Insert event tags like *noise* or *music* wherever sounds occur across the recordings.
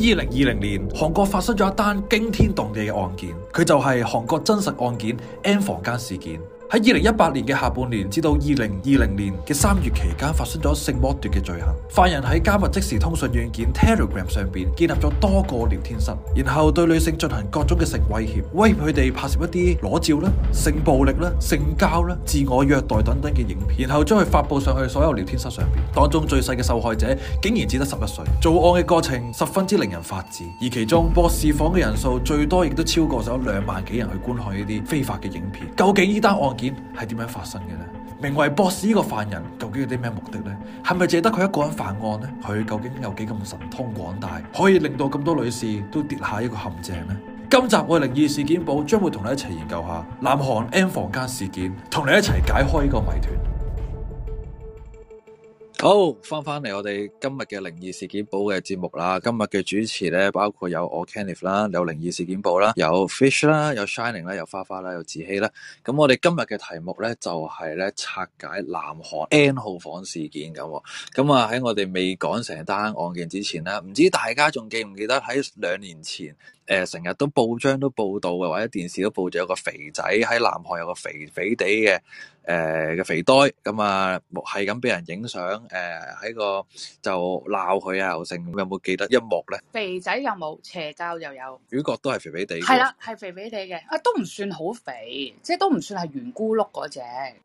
二零二零年，韓國發生咗一單驚天動地嘅案件，佢就係韓國真實案件《N 房間事件》。喺二零一八年嘅下半年至到二零二零年嘅三月期間，發生咗性剝削嘅罪行。犯人喺加密即時通訊軟件 Telegram 上邊建立咗多個聊天室，然後對女性進行各種嘅性威脅，威脅佢哋拍攝一啲裸照啦、性暴力啦、性交啦、自我虐待等等嘅影片，然後將佢發布上去所有聊天室上邊。當中最細嘅受害者竟然只得十一歲。做案嘅過程十分之令人髮指，而其中博士房嘅人數最多亦都超過咗兩萬幾人去觀看呢啲非法嘅影片。究竟呢單案件係點樣發生嘅呢？名為博士呢個犯人，究竟有啲咩目的呢？係咪淨得佢一個人犯案呢？佢究竟有幾咁神通廣大，可以令到咁多女士都跌下一個陷阱呢？今集我哋靈異事件簿將會同你一齊研究下南韓 N 房間事件，同你一齊解開呢個謎團。好，返返嚟我哋今日嘅靈異事件簿嘅節目啦。今日嘅主持咧，包括有我 Kenneth 啦，有靈異事件簿啦，有 Fish 啦，有 Shining 啦，有花花啦，有志希啦。咁我哋今日嘅題目咧，就係、是、咧拆解南韓 N 號房事件咁。咁啊喺我哋未講成單案件之前咧，唔知大家仲記唔記得喺兩年前，誒、呃、成日都報章都報道嘅，或者電視都報咗有個肥仔喺南韓有個肥肥地嘅。誒嘅、呃、肥呆咁啊，係咁俾人影相誒，喺、呃、個就鬧佢啊，又、呃、剩有冇記得一幕咧？肥仔有冇？邪教又有？主角都係肥肥地。係啦、啊，係肥肥地嘅啊，都唔算好肥，即係都唔算係圓咕碌嗰隻。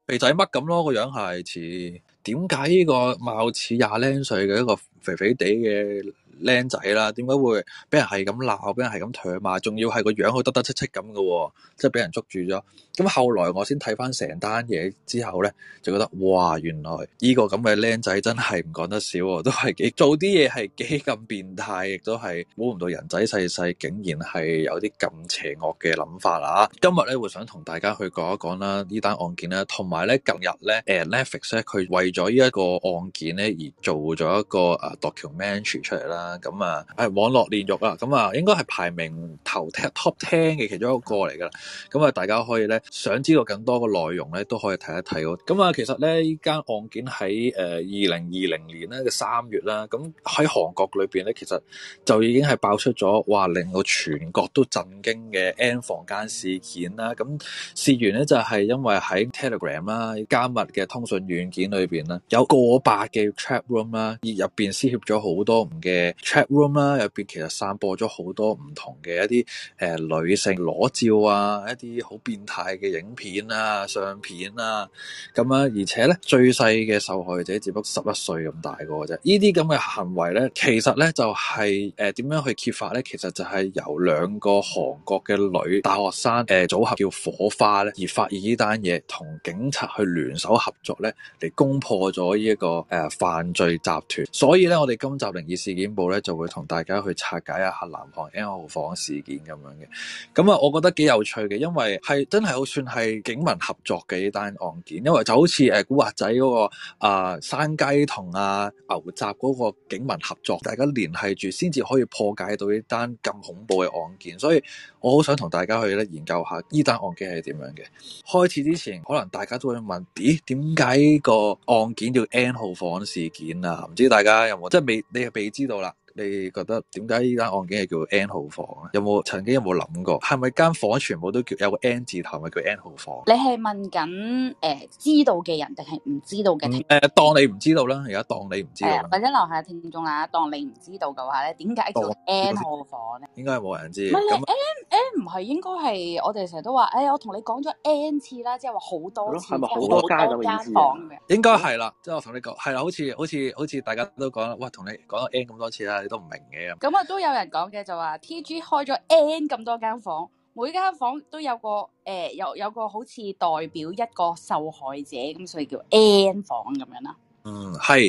肥仔乜咁咯？個樣係似，點解呢個貌似廿零歲嘅一個肥肥地嘅？靚仔啦，點解會俾人係咁鬧，俾人係咁唾罵，仲要係個樣好得得戚戚咁嘅，即係俾人捉住咗。咁後來我先睇翻成單嘢之後咧，就覺得哇，原來呢個咁嘅靚仔真係唔講得少，都係幾做啲嘢係幾咁變態，亦都係估唔到人仔細細竟然係有啲咁邪惡嘅諗法啊！今日咧會想同大家去講一講啦，呢單案件啦，同埋咧近日咧，誒 Netflix 咧佢為咗呢一個案件咧而做咗一個啊 documentary 出嚟啦。啊咁啊，係、嗯、網絡煉獄啦，咁啊應該係排名頭 top ten 嘅其中一個嚟㗎啦。咁啊大家可以咧，想知道更多嘅內容咧，都可以睇一睇我。咁啊其實咧依間案件喺誒二零二零年咧嘅三月啦，咁喺韓國裏邊咧，其實就已經係爆出咗，話令到全國都震驚嘅 N 房間事件啦。咁事緣咧就係因為喺 Telegram 啦加密嘅通訊軟件裏邊咧，有過百嘅 chat room 啦，而入邊涉及咗好多唔嘅。chatroom 啦，入邊其實散播咗好多唔同嘅一啲誒、呃、女性裸照啊，一啲好變態嘅影片啊、相片啊，咁啊，而且咧最細嘅受害者只不過十一歲咁大個啫。呢啲咁嘅行為咧，其實咧就係誒點樣去揭發咧？其實就係由兩個韓國嘅女大學生誒、呃、組合叫火花咧，而發現呢單嘢，同警察去聯手合作咧，嚟攻破咗呢一個誒、呃、犯罪集團。所以咧，我哋今集靈異事件簿。咧就會同大家去拆解一下南韓 N 號房事件咁樣嘅，咁啊，我覺得幾有趣嘅，因為係真係好算係警民合作嘅單案件，因為就好似誒古惑仔嗰個啊，呃，山雞同啊牛雜嗰個警民合作，大家聯繫住先至可以破解到呢單咁恐怖嘅案件，所以。我好想同大家去咧研究下呢單案件係點樣嘅。開始之前，可能大家都會問，咦，點解個案件叫 N 號房事件啊？唔知大家有冇即係未？你係未知道啦。你覺得點解依間案件係叫 N 號房啊？有冇曾經有冇諗過，係咪間房全部都叫有個 N 字頭，咪叫 N 號房？你係問緊誒，知道嘅人定係唔知道嘅聽？誒，當你唔知道啦，而家當你唔知道，或者樓下聽眾啦，當你唔知道嘅話咧，點解叫 N 號房咧？應該冇人知。咁係 n N 唔係應該係我哋成日都話，誒，我同、哎、你講咗 N 次啦，即係話好多次，好、嗯、多間房嘅。嗯、應該係啦，即、就、係、是、我同你講，係啦，好似好似好似大家都講啦，哇，同你講咗 N 咁多次啦。你都唔明嘅咁，咁啊都有人講嘅就話、是、TG 開咗 N 咁多間房，每間房都有個誒、呃、有有個好似代表一個受害者，咁所以叫 N 房咁樣啦。嗯，係，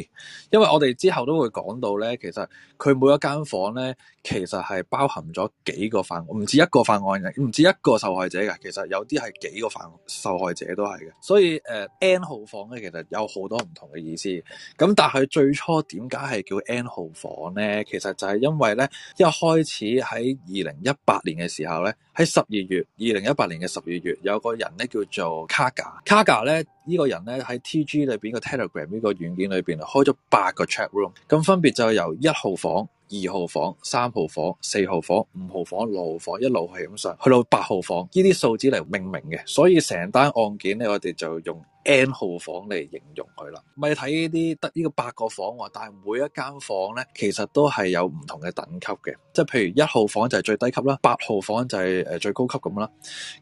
因為我哋之後都會講到咧，其實佢每一間房咧，其實係包含咗幾個犯案，唔止一個犯案嘅，唔止一個受害者嘅，其實有啲係幾個犯受害者都係嘅。所以誒，呃，N 號房咧，其實有好多唔同嘅意思。咁但係最初點解係叫 N 號房咧？其實就係因為咧，一開始喺二零一八年嘅時候咧，喺十二月二零一八年嘅十二月，有個人咧叫做卡賈，卡賈咧。呢個人咧喺 T G 裏邊個 Telegram 呢個軟件裏邊啊，開咗八個 chat room，咁分別就係由一號房、二號房、三號房、四號房、五號房、六號房一路係咁上，去到八號房，呢啲數字嚟命名嘅，所以成單案件咧，我哋就用 N 號房嚟形容佢啦，咪睇呢啲得呢個八個房喎，但係每一間房咧，其實都係有唔同嘅等級嘅，即係譬如一號房就係最低級啦，八號房就係誒最高級咁啦，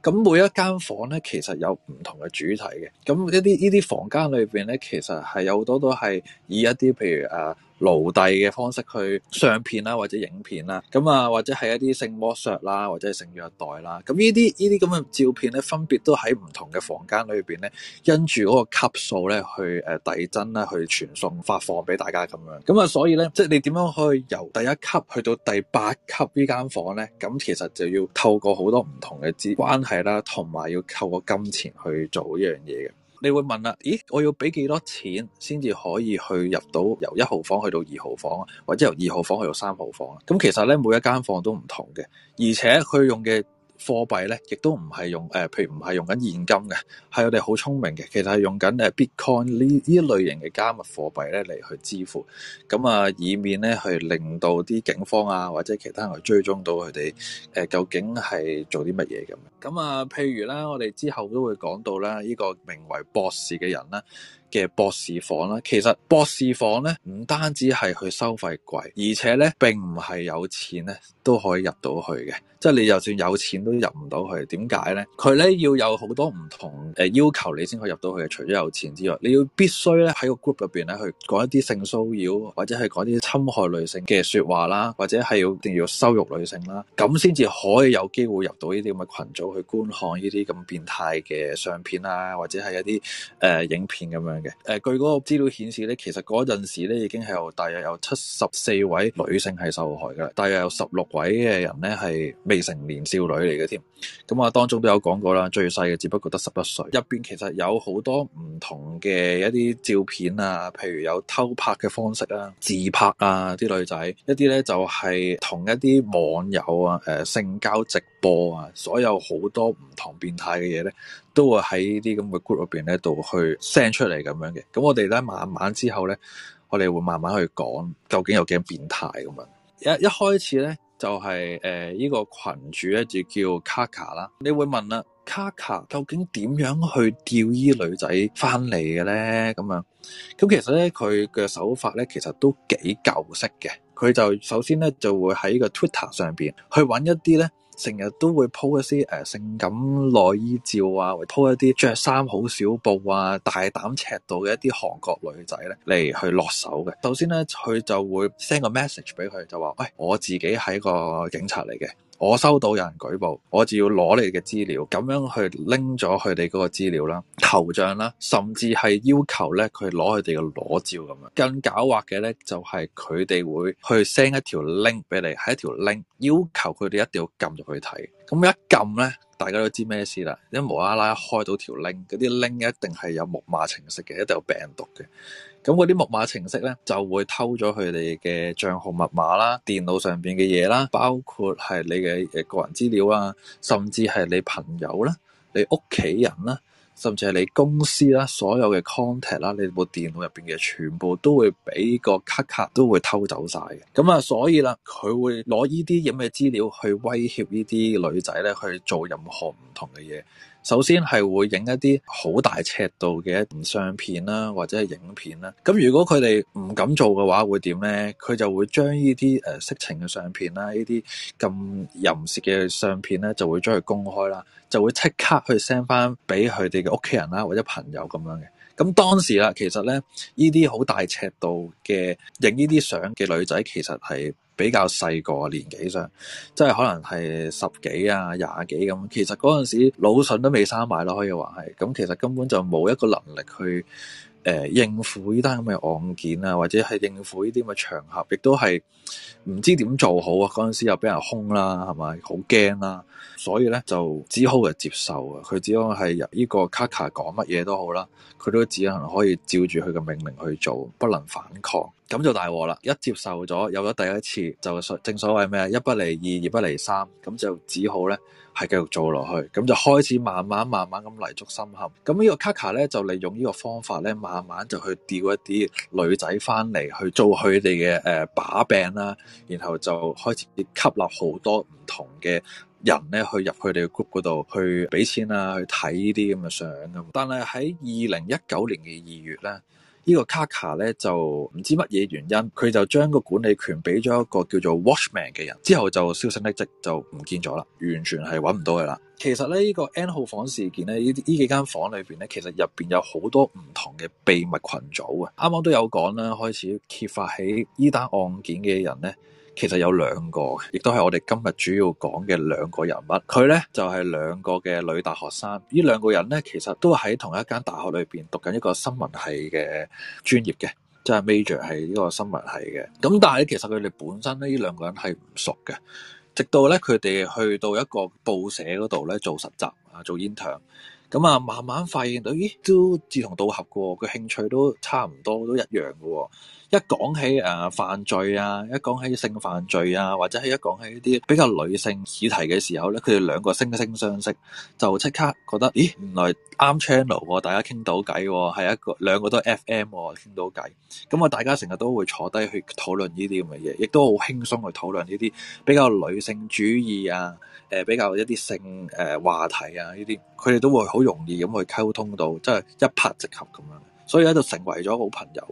咁每一間房咧，其實有唔同嘅主題嘅，咁一啲呢啲房間裏邊咧，其實係有好多都係以一啲譬如誒、啊。奴隸嘅方式去相片啦，或者影片啦，咁啊，或者係一啲性剝削啦，或者係性虐待啦，咁呢啲呢啲咁嘅照片咧，分別都喺唔同嘅房間裏邊咧，因住嗰個級數咧去誒遞增啦，去傳、呃、送發放俾大家咁樣。咁啊，所以咧，即係你點樣去由第一級去到第八級間呢間房咧？咁其實就要透過好多唔同嘅資關係啦，同埋要透過金錢去做呢樣嘢嘅。你會問啦，咦？我要俾幾多錢先至可以去入到由一號房去到二號房，或者由二號房去到三號房啊？咁其實咧，每一間房都唔同嘅，而且佢用嘅貨幣咧，亦都唔係用誒、呃，譬如唔係用緊現金嘅，係我哋好聰明嘅，其實係用緊誒 Bitcoin 呢呢一類型嘅加密貨幣咧嚟去支付，咁啊，以免咧去令到啲警方啊或者其他人去追蹤到佢哋誒究竟係做啲乜嘢咁。咁啊，譬如咧，我哋之後都會講到啦，呢、這個名為博士嘅人啦。嘅博士房啦，其實博士房咧唔單止係佢收費貴，而且咧並唔係有錢咧都可以入到去嘅，即係你就算有錢都入唔到去。點解咧？佢咧要有好多唔同誒要求你先可以入到去。除咗有錢之外，你要必須咧喺個 group 入邊咧去講一啲性騷擾或者係講啲侵害女性嘅說話啦，或者係要一定要羞辱女性啦，咁先至可以有機會入到呢啲咁嘅群組去觀看呢啲咁變態嘅相片啊，或者係一啲誒、呃、影片咁樣。誒，據嗰個資料顯示咧，其實嗰陣時咧已經係有大約有七十四位女性係受害噶啦，大約有十六位嘅人咧係未成年少女嚟嘅添，咁啊當中都有講過啦，最細嘅只不過得十一歲，入邊其實有好多唔同嘅一啲照片啊，譬如有偷拍嘅方式啊、自拍啊，啲女仔一啲咧就係同一啲網友啊、誒性交直播啊，所有好多唔同變態嘅嘢咧。都會喺啲咁嘅 group 入邊咧度去 send 出嚟咁樣嘅，咁我哋咧慢慢之後咧，我哋會慢慢去講究竟有幾變態咁樣。一一開始咧就係誒呢個群主咧就叫卡卡啦，你會問啦卡卡究竟點樣去調依女仔翻嚟嘅咧？咁樣咁其實咧佢嘅手法咧其實都幾舊式嘅，佢就首先咧就會喺個 Twitter 上邊去揾一啲咧。成日都會 po 一啲誒性感內衣照啊，po 一啲着衫好少布啊、大膽尺度嘅一啲韓國女仔咧嚟去落手嘅。首先咧，佢就會 send 個 message 俾佢，就話：喂、哎，我自己係一個警察嚟嘅。我收到有人舉報，我就要攞你嘅資料，咁樣去拎咗佢哋嗰個資料啦、頭像啦，甚至係要求咧佢攞佢哋嘅裸照咁樣。更狡猾嘅咧就係佢哋會去 send 一條 link 俾你，係一條 link 要求佢哋一定要撳入去睇。咁一撳咧，大家都知咩事啦，因為無啦啦開到條 link，嗰啲 link 一定係有木馬程式嘅，一定有病毒嘅。咁嗰啲木馬程式咧，就會偷咗佢哋嘅帳號密碼啦、電腦上邊嘅嘢啦，包括係你嘅誒個人資料啊，甚至係你朋友啦、你屋企人啦，甚至係你公司啦，所有嘅 contact 啦，你部電腦入邊嘅全部都會俾個卡卡都會偷走晒嘅。咁啊，所以啦，佢會攞呢啲咁嘅資料去威脅呢啲女仔咧，去做任何唔同嘅嘢。首先係會影一啲好大尺度嘅一啲相片啦，或者係影片啦。咁如果佢哋唔敢做嘅話，會點咧？佢就會將呢啲誒色情嘅相片啦，呢啲咁淫褻嘅相片咧，就會將佢公開啦，就會即刻去 send 翻俾佢哋嘅屋企人啦，或者朋友咁樣嘅。咁當時啊，其實咧呢啲好大尺度嘅影呢啲相嘅女仔，其實係，比較細個年紀上，即係可能係十幾啊、廿幾咁、啊。其實嗰陣時腦筍都未生埋咯，可以話係。咁其實根本就冇一個能力去誒、呃、應付呢單咁嘅案件啊，或者係應付呢啲咁嘅場合，亦都係唔知點做好啊。嗰陣時又俾人兇啦，係咪好驚啦？所以咧就只好係接受啊。佢只好係依個卡卡講乜嘢都好啦，佢都只能可以照住佢嘅命令去做，不能反抗。咁就大鑊啦！一接受咗有咗第一次，就所正所謂咩一不離二，二不離三，咁就只好咧係繼續做落去，咁就開始慢慢慢慢咁泥足深陷。咁呢個卡卡 k 咧就利用呢個方法咧，慢慢就去釣一啲女仔翻嚟去做佢哋嘅誒把柄啦，然後就開始吸納好多唔同嘅人咧去入佢哋嘅 group 嗰度去俾錢啊，去睇呢啲咁嘅相啊。但係喺二零一九年嘅二月咧。呢個卡卡 k 咧就唔知乜嘢原因，佢就將個管理權俾咗一個叫做 Watchman 嘅人，之後就消聲匿跡，就唔見咗啦，完全係揾唔到佢啦。其實咧，呢、這個 N 號房事件咧，間呢呢幾間房裏邊咧，其實入邊有好多唔同嘅秘密群組嘅。啱啱都有講啦，開始揭發起呢單案件嘅人咧。其實有兩個，亦都係我哋今日主要講嘅兩個人物。佢呢就係、是、兩個嘅女大學生，呢兩個人呢，其實都喺同一間大學裏邊讀緊一個新聞系嘅專業嘅，即 ma 係 major 係呢個新聞系嘅。咁但係其實佢哋本身呢呢兩個人係唔熟嘅，直到呢，佢哋去到一個報社嗰度呢，做實習啊，做 intern 咁啊，慢慢發現到，咦，都志同道合嘅，哦，佢興趣都差唔多，都一樣嘅，哦。一講起誒、啊、犯罪啊，一講起性犯罪啊，或者係一講起呢啲比較女性議題嘅時候咧，佢哋兩個惺惺相惜，就即刻覺得咦，原來啱 channel 大家傾到偈喎，係一個兩個都 FM 喎，傾到偈。咁啊，大家成日、啊都，啊啊嗯、都會坐低去討論呢啲咁嘅嘢，亦都好輕鬆去討論呢啲比較女性主義啊，誒、呃、比較一啲性誒、呃、話題啊，呢啲佢哋都會好容易咁去溝通到，即、就、係、是、一拍即合咁樣。所以咧就成為咗好朋友，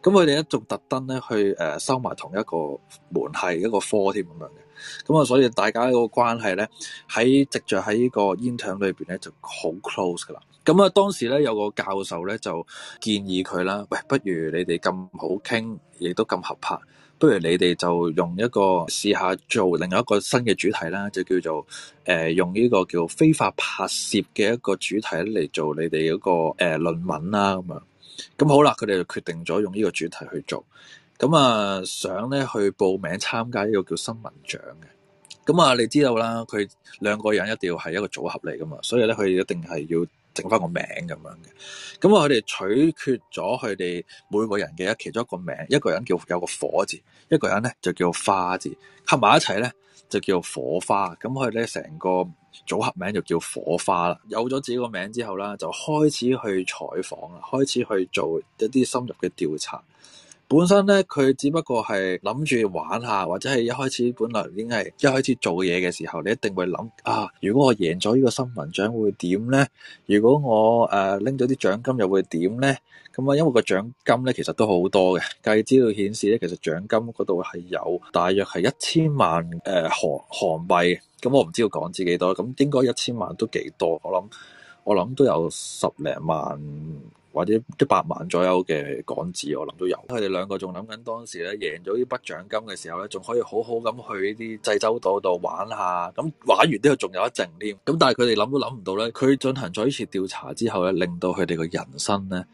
咁佢哋咧仲特登咧去誒收埋同一個門系，一個科添咁樣嘅，咁啊，所以大家個關係咧喺直着喺呢個 intern 裏邊咧就好 close 噶啦。咁啊，當時咧有個教授咧就建議佢啦，喂，不如你哋咁好傾，亦都咁合拍，不如你哋就用一個試下做另外一個新嘅主題啦，就叫做誒、呃、用呢個叫非法拍攝嘅一個主題嚟做你哋嗰、這個誒、呃、論文啦咁樣。咁好啦，佢哋就決定咗用呢個主題去做，咁啊想咧去報名參加呢個叫新聞獎嘅，咁啊你知道啦，佢兩個人一定要係一個組合嚟噶嘛，所以咧佢一定係要整翻個名咁樣嘅，咁佢哋取決咗佢哋每個人嘅一其中一個名，一個人叫有個火字，一個人咧就叫花字，合埋一齊咧就叫火花，咁佢咧成個。組合名就叫火花啦。有咗自己個名之後啦，就開始去採訪啦，開始去做一啲深入嘅調查。本身咧，佢只不過係諗住玩下，或者係一開始本來已經係一開始做嘢嘅時候，你一定會諗啊！如果我贏咗呢個新聞獎會點咧？如果我誒拎咗啲獎金又會點咧？咁啊，因為個獎金咧其實都好多嘅，據資料顯示咧，其實獎金嗰度係有大約係一千萬誒、呃、韓韓幣，咁我唔知道港紙幾多，咁應該一千萬都幾多，我諗我諗都有十零萬。或者一百萬左右嘅港紙，我諗都有。佢哋兩個仲諗緊當時咧贏咗呢筆獎金嘅時候咧，仲可以好好咁去呢啲濟州島度玩下。咁玩完之後仲有一陣添。咁但係佢哋諗都諗唔到咧，佢進行咗一次調查之後咧，令到佢哋嘅人生咧，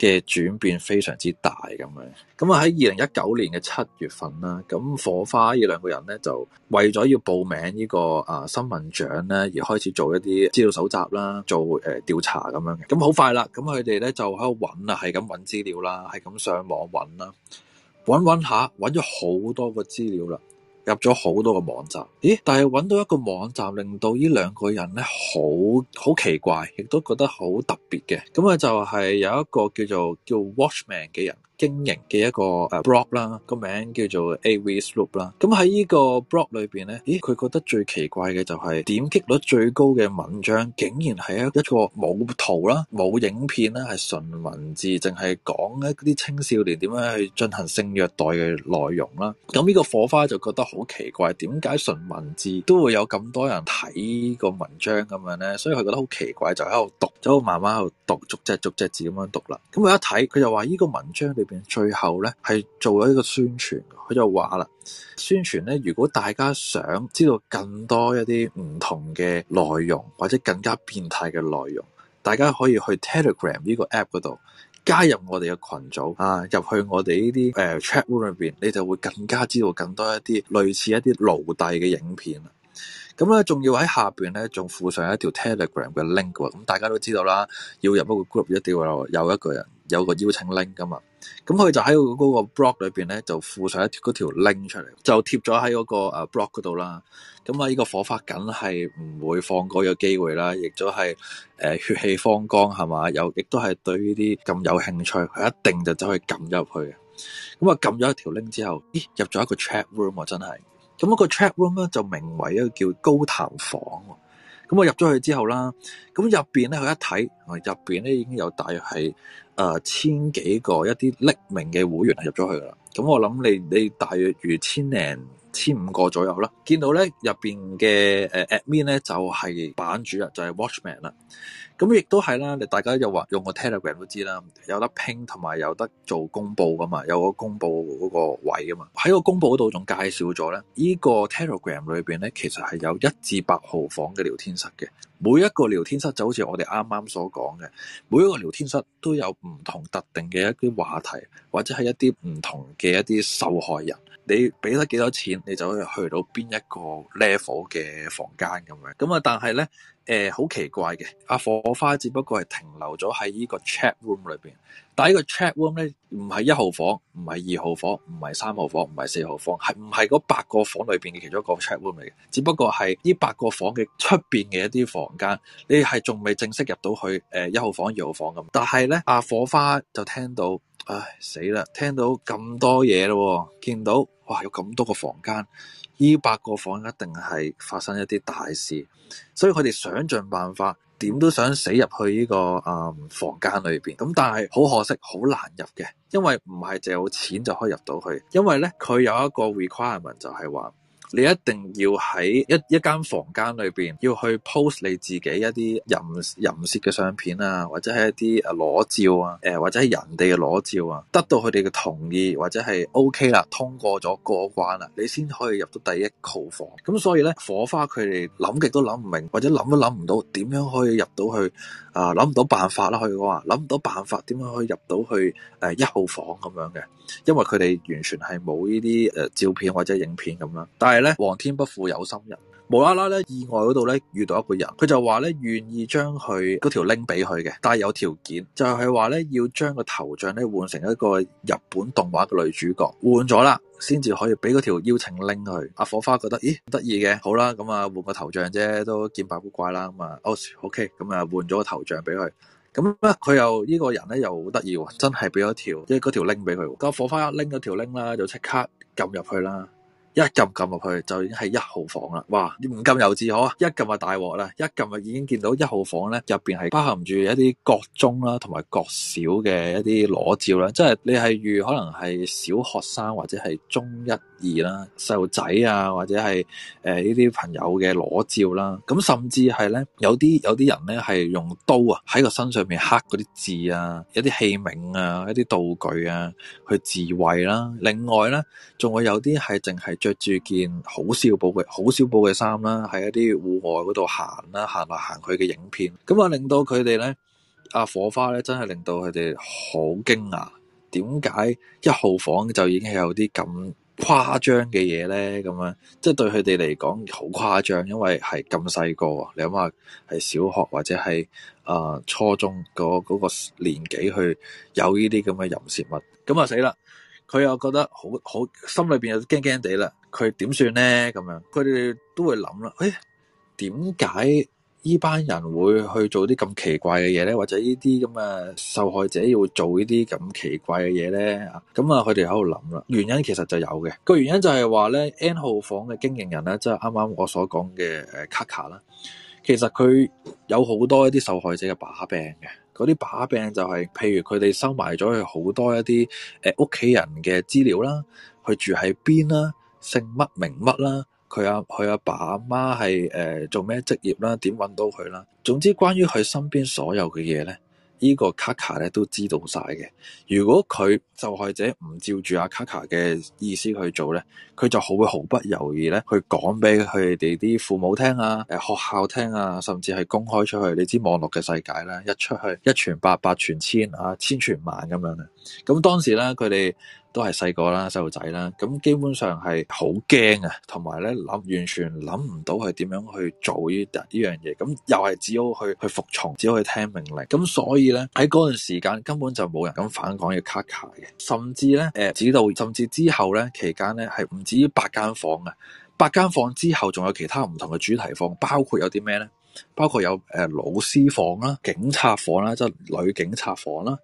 嘅轉變非常之大咁樣，咁啊喺二零一九年嘅七月份啦，咁火花呢兩個人咧就為咗要報名呢、呢個啊、呃、新聞獎咧，而開始做一啲資料搜集啦，做誒、呃、調查咁樣嘅，咁好快啦，咁佢哋咧就喺度揾啊，係咁揾資料啦，係咁上網揾啦，揾揾下揾咗好多個資料啦。入咗好多個網站，咦？但係揾到一個網站，令到呢兩個人咧好好奇怪，亦都覺得好特別嘅。咁啊就係有一個叫做叫 Watchman 嘅人，經營嘅一個 blog 啦，個名叫做 AV Sloop 啦。咁喺呢個 blog 裏邊咧，咦佢覺得最奇怪嘅就係點擊率最高嘅文章，竟然係一一個冇圖啦、冇影片啦，係純文字，淨係講一啲青少年點樣去進行性虐待嘅內容啦。咁呢個火花就覺得好奇怪，點解純文字都會有咁多人睇個文章咁樣呢？所以佢覺得好奇怪，就喺度讀，喺度慢慢喺度讀，逐隻逐隻字咁樣讀啦。咁佢一睇，佢就話呢個文章你。最後咧係做咗一個宣傳，佢就話啦：，宣傳咧，如果大家想知道更多一啲唔同嘅內容，或者更加變態嘅內容，大家可以去 Telegram 呢個 app 嗰度加入我哋嘅群組啊，入去我哋呢啲誒 chat room 裏邊，你就會更加知道更多一啲類似一啲奴隸嘅影片。咁咧，仲要喺下邊咧，仲附上一條 Telegram 嘅 link。咁大家都知道啦，要入一個 group 一定要有有一個人有個邀請 link 噶嘛。咁佢就喺嗰個 block 裏邊咧，就附上一嗰條 link 出嚟，就貼咗喺嗰個誒 block 嗰度啦。咁啊，呢個火花緊係唔會放過個機會啦，亦都係誒血氣方剛係嘛，又亦都係對呢啲咁有興趣，佢一定就走去撳入去嘅。咁啊，撳咗一條 link 之後，咦，入咗一個 chat room 啊，真係。咁、那、嗰個 chat room 咧就名為一個叫高談房。咁我入咗去之後啦，咁入邊咧佢一睇，入邊咧已經有大約係。啊，千幾個一啲匿名嘅會員係入咗去㗎喇，咁、嗯、我諗你你大約如千零千五個左右啦，見到咧入邊嘅誒 admin 咧就係、是、版主啦，就係、是、watchman 啦。咁、嗯、亦都係啦，你大家又話用個 Telegram 都知啦，有得 pin 同埋有得做公佈噶嘛，有公布個,嘛個公佈嗰個位噶嘛。喺個公佈嗰度仲介紹咗咧，這個、裡呢個 Telegram 裏邊咧其實係有一至八號房嘅聊天室嘅，每一個聊天室就好似我哋啱啱所講嘅，每一個聊天室都有唔同特定嘅一啲話題，或者係一啲唔同嘅一啲受害人。你俾得幾多錢，你就可以去到邊一個 level 嘅房間咁樣。咁啊，但係咧，誒好奇怪嘅，阿火花只不過係停留咗喺呢個 chat room 裏邊。但係呢個 chat room 咧，唔係一號房，唔係二號房，唔係三號房，唔係四號房，係唔係嗰八個房裏邊嘅其中一個 chat room 嚟嘅？只不過係呢八個房嘅出邊嘅一啲房間，你係仲未正式入到去誒一號房、二號房咁。但係咧，阿火花就聽到，唉死啦！聽到咁多嘢咯，見到。哇！有咁多個房間，呢八個房一定係發生一啲大事，所以佢哋想盡辦法，點都想死入去呢、這個啊、呃、房間裏邊。咁但係好可惜，好難入嘅，因為唔係淨有錢就可以入到去，因為咧佢有一個 requirement 就係話。你一定要喺一一間房間裏邊，要去 post 你自己一啲淫淫褻嘅相片啊，或者係一啲誒裸照啊，誒、呃、或者係人哋嘅裸照啊，得到佢哋嘅同意或者係 OK 啦，通過咗過關啦，你先可以入到第一號房。咁所以呢，火花佢哋諗極都諗唔明，或者諗都諗唔到點樣可以入到去。啊！諗唔到辦法啦，佢話，諗唔到辦法點樣可以入到去誒一號房咁樣嘅，因為佢哋完全係冇呢啲誒照片或者影片咁啦。但係咧，皇天不負有心人，無啦啦咧意外嗰度咧遇到一個人，佢就話咧願意將佢嗰條 link 俾佢嘅，但係有條件，就係話咧要將個頭像咧換成一個日本動畫嘅女主角，換咗啦。先至可以俾嗰條邀請拎佢，阿火花覺得，咦，得意嘅，好啦，咁啊換個頭像啫，都見白古怪啦，咁啊，哦，OK，咁啊換咗個頭像俾佢，咁咧佢又呢個人咧又好得意喎，真係俾咗條即係嗰條拎俾佢，個火花一拎嗰條拎啦，就即刻撳入去啦。一撳撳入去就已經係一號房啦，哇！你唔撳又自可，一撳咪大鑊啦，一撳咪已經見到一號房咧，入邊係包含住一啲國中啦同埋國小嘅一啲裸照啦、啊，即係你係遇可能係小學生或者係中一二啦細路仔啊，或者係誒呢啲朋友嘅裸照啦、啊，咁甚至係咧有啲有啲人咧係用刀啊喺個身上面刻嗰啲字啊，一啲器皿啊，一啲道具啊去自慰啦，另外咧仲會有啲係淨係。着住件好少布嘅好少布嘅衫啦，喺一啲戶外嗰度行啦，行嚟行去嘅影片，咁啊令到佢哋咧，阿、啊、火花咧真係令到佢哋好驚訝，點解一號房就已經係有啲咁誇張嘅嘢咧？咁樣即係對佢哋嚟講好誇張，因為係咁細個啊，你諗下係小學或者係誒、呃、初中嗰嗰個年紀去有呢啲咁嘅淫褻物，咁啊死啦！佢又覺得好好心裏邊又驚驚地啦，佢點算咧？咁樣？佢哋都會諗啦，誒，點解依班人會去做啲咁奇怪嘅嘢咧？或者呢啲咁嘅受害者要做呢啲咁奇怪嘅嘢咧？啊，咁啊，佢哋喺度諗啦。原因其實就有嘅，個原因就係話咧，N 號房嘅經營人咧，即係啱啱我所講嘅誒卡 a 啦，其實佢有好多一啲受害者嘅把柄嘅。嗰啲把柄就係，譬如佢哋收埋咗佢好多一啲誒屋企人嘅資料啦，佢住喺邊啦，姓乜名乜啦，佢阿佢阿爸阿媽係誒做咩職業啦，點揾到佢啦，總之關於佢身邊所有嘅嘢咧。呢個卡卡咧都知道晒嘅。如果佢受害者唔照住阿卡卡嘅意思去做咧，佢就好會毫不猶豫咧去講俾佢哋啲父母聽啊、誒學校聽啊，甚至係公開出去。你知網絡嘅世界啦。一出去一傳百，百傳千啊，千傳萬咁樣嘅。咁當時咧，佢哋，都係細個啦，細路仔啦，咁基本上係好驚啊，同埋咧諗完全諗唔到係點樣去做呢呢樣嘢，咁又係只好去去服從，只可以聽命令，咁所以咧喺嗰段時間根本就冇人敢反抗要卡卡嘅，甚至咧誒，直、呃、到甚至之後咧期間咧係唔止於八間房嘅，八間房之後仲有其他唔同嘅主題房，包括有啲咩咧？包括有誒、呃、老師房啦、啊、警察房啦、啊，即係女警察房啦、啊。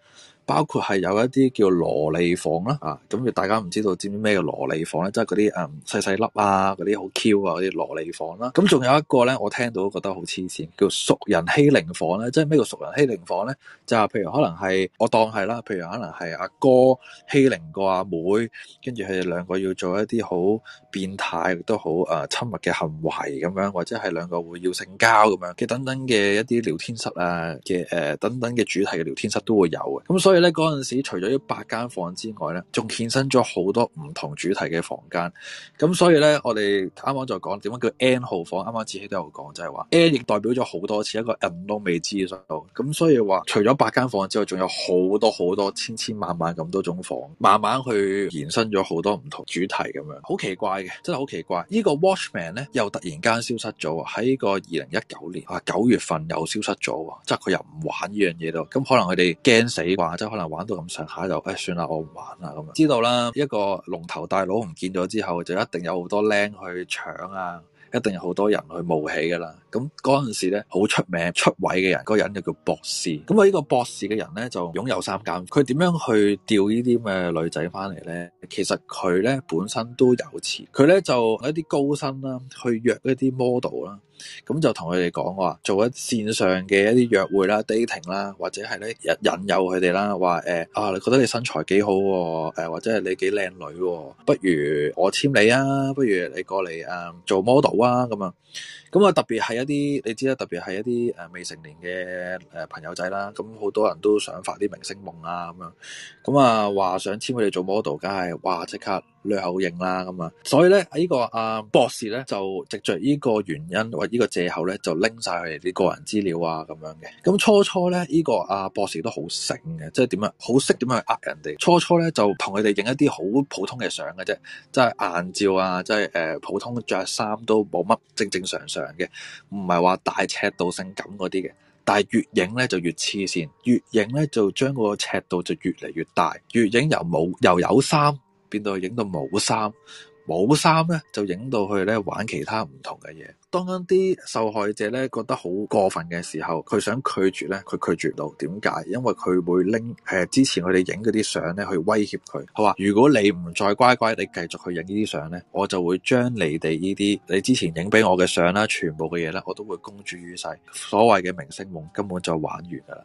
包括係有一啲叫蘿莉房啦、啊，啊，咁就大家唔知道知唔知咩叫蘿莉房咧？即係嗰啲誒細細粒啊，嗰啲好 Q 啊嗰啲蘿莉房啦、啊。咁仲有一個咧，我聽到覺得好黐線，叫熟人欺凌房咧、啊。即係咩叫熟人欺凌房咧？就係、是、譬如可能係我當係啦，譬如可能係阿哥欺凌過阿妹，跟住佢哋兩個要做一啲好變態亦都好誒親密嘅行為咁樣，或者係兩個會要性交咁樣嘅等等嘅一啲聊天室啊嘅誒、呃、等等嘅主題嘅聊天室都會有嘅。咁所以。所以咧嗰陣時，除咗呢八間房之外咧，仲衍生咗好多唔同主題嘅房間。咁所以咧，我哋啱啱就講點樣叫 N 號房。啱啱子希都有講，就係話 N 亦代表咗好多次一個人都未知嘅數。咁所以話，除咗八間房之外，仲有好多好多千千萬萬咁多種房，慢慢去延伸咗好多唔同主題咁樣。好奇怪嘅，真係好奇怪！呢個 Watchman 咧又突然間消失咗喎，喺個二零一九年啊九月份又消失咗喎，即係佢又唔玩呢樣嘢咯。咁可能佢哋驚死啩？可能玩到咁上下就誒，算啦，我唔玩啦，咁樣。知道啦，一個龍頭大佬唔見咗之後，就一定有好多靚去搶啊，一定有好多人去冒起噶啦。咁嗰陣時咧，好出名出位嘅人，嗰個人就叫博士。咁啊，呢個博士嘅人咧，就擁有三間。佢點樣去釣呢啲嘅女仔翻嚟咧？其實佢咧本身都有錢，佢咧就一啲高薪啦，去約一啲 model 啦。咁就同佢哋講話，做一線上嘅一啲約會啦、dating 啦，或者係咧引誘佢哋啦，話誒、呃、啊，你覺得你身材幾好喎、啊？誒、呃，或者係你幾靚女、啊，不如我簽你啊，不如你過嚟誒、嗯、做 model 啊，咁啊。咁啊，特別係一啲你知啦，特別係一啲誒未成年嘅誒朋友仔啦，咁好多人都想發啲明星夢啊咁樣，咁啊話想簽佢哋做 model，梗係哇即刻略口應啦咁啊，所以咧呢、這個阿、啊、博士咧就藉着呢個原因或個呢個借口咧就拎晒佢哋啲個人資料啊咁樣嘅。咁、嗯、初初咧呢、這個阿、啊、博士都好醒嘅，即係點啊，好識點樣去呃人哋。初初咧就同佢哋影一啲好普通嘅相嘅啫，即係硬照啊，即係誒、呃、普通着衫都冇乜正正常常嘅，唔係話大尺度性感嗰啲嘅，但係越影咧就越黐線，越影咧就將個尺度就越嚟越大，越影由冇又有，有衫變到去影到冇衫。冇衫咧，就影到佢咧玩其他唔同嘅嘢。當一啲受害者咧覺得好過分嘅時候，佢想拒絕咧，佢拒絕唔到。點解？因為佢會拎誒、呃、之前佢哋影嗰啲相咧去威脅佢。佢話如果你唔再乖乖地繼續去影呢啲相咧，我就會將你哋呢啲你之前影俾我嘅相啦，全部嘅嘢咧，我都會公諸於世。所謂嘅明星夢根本就玩完噶啦。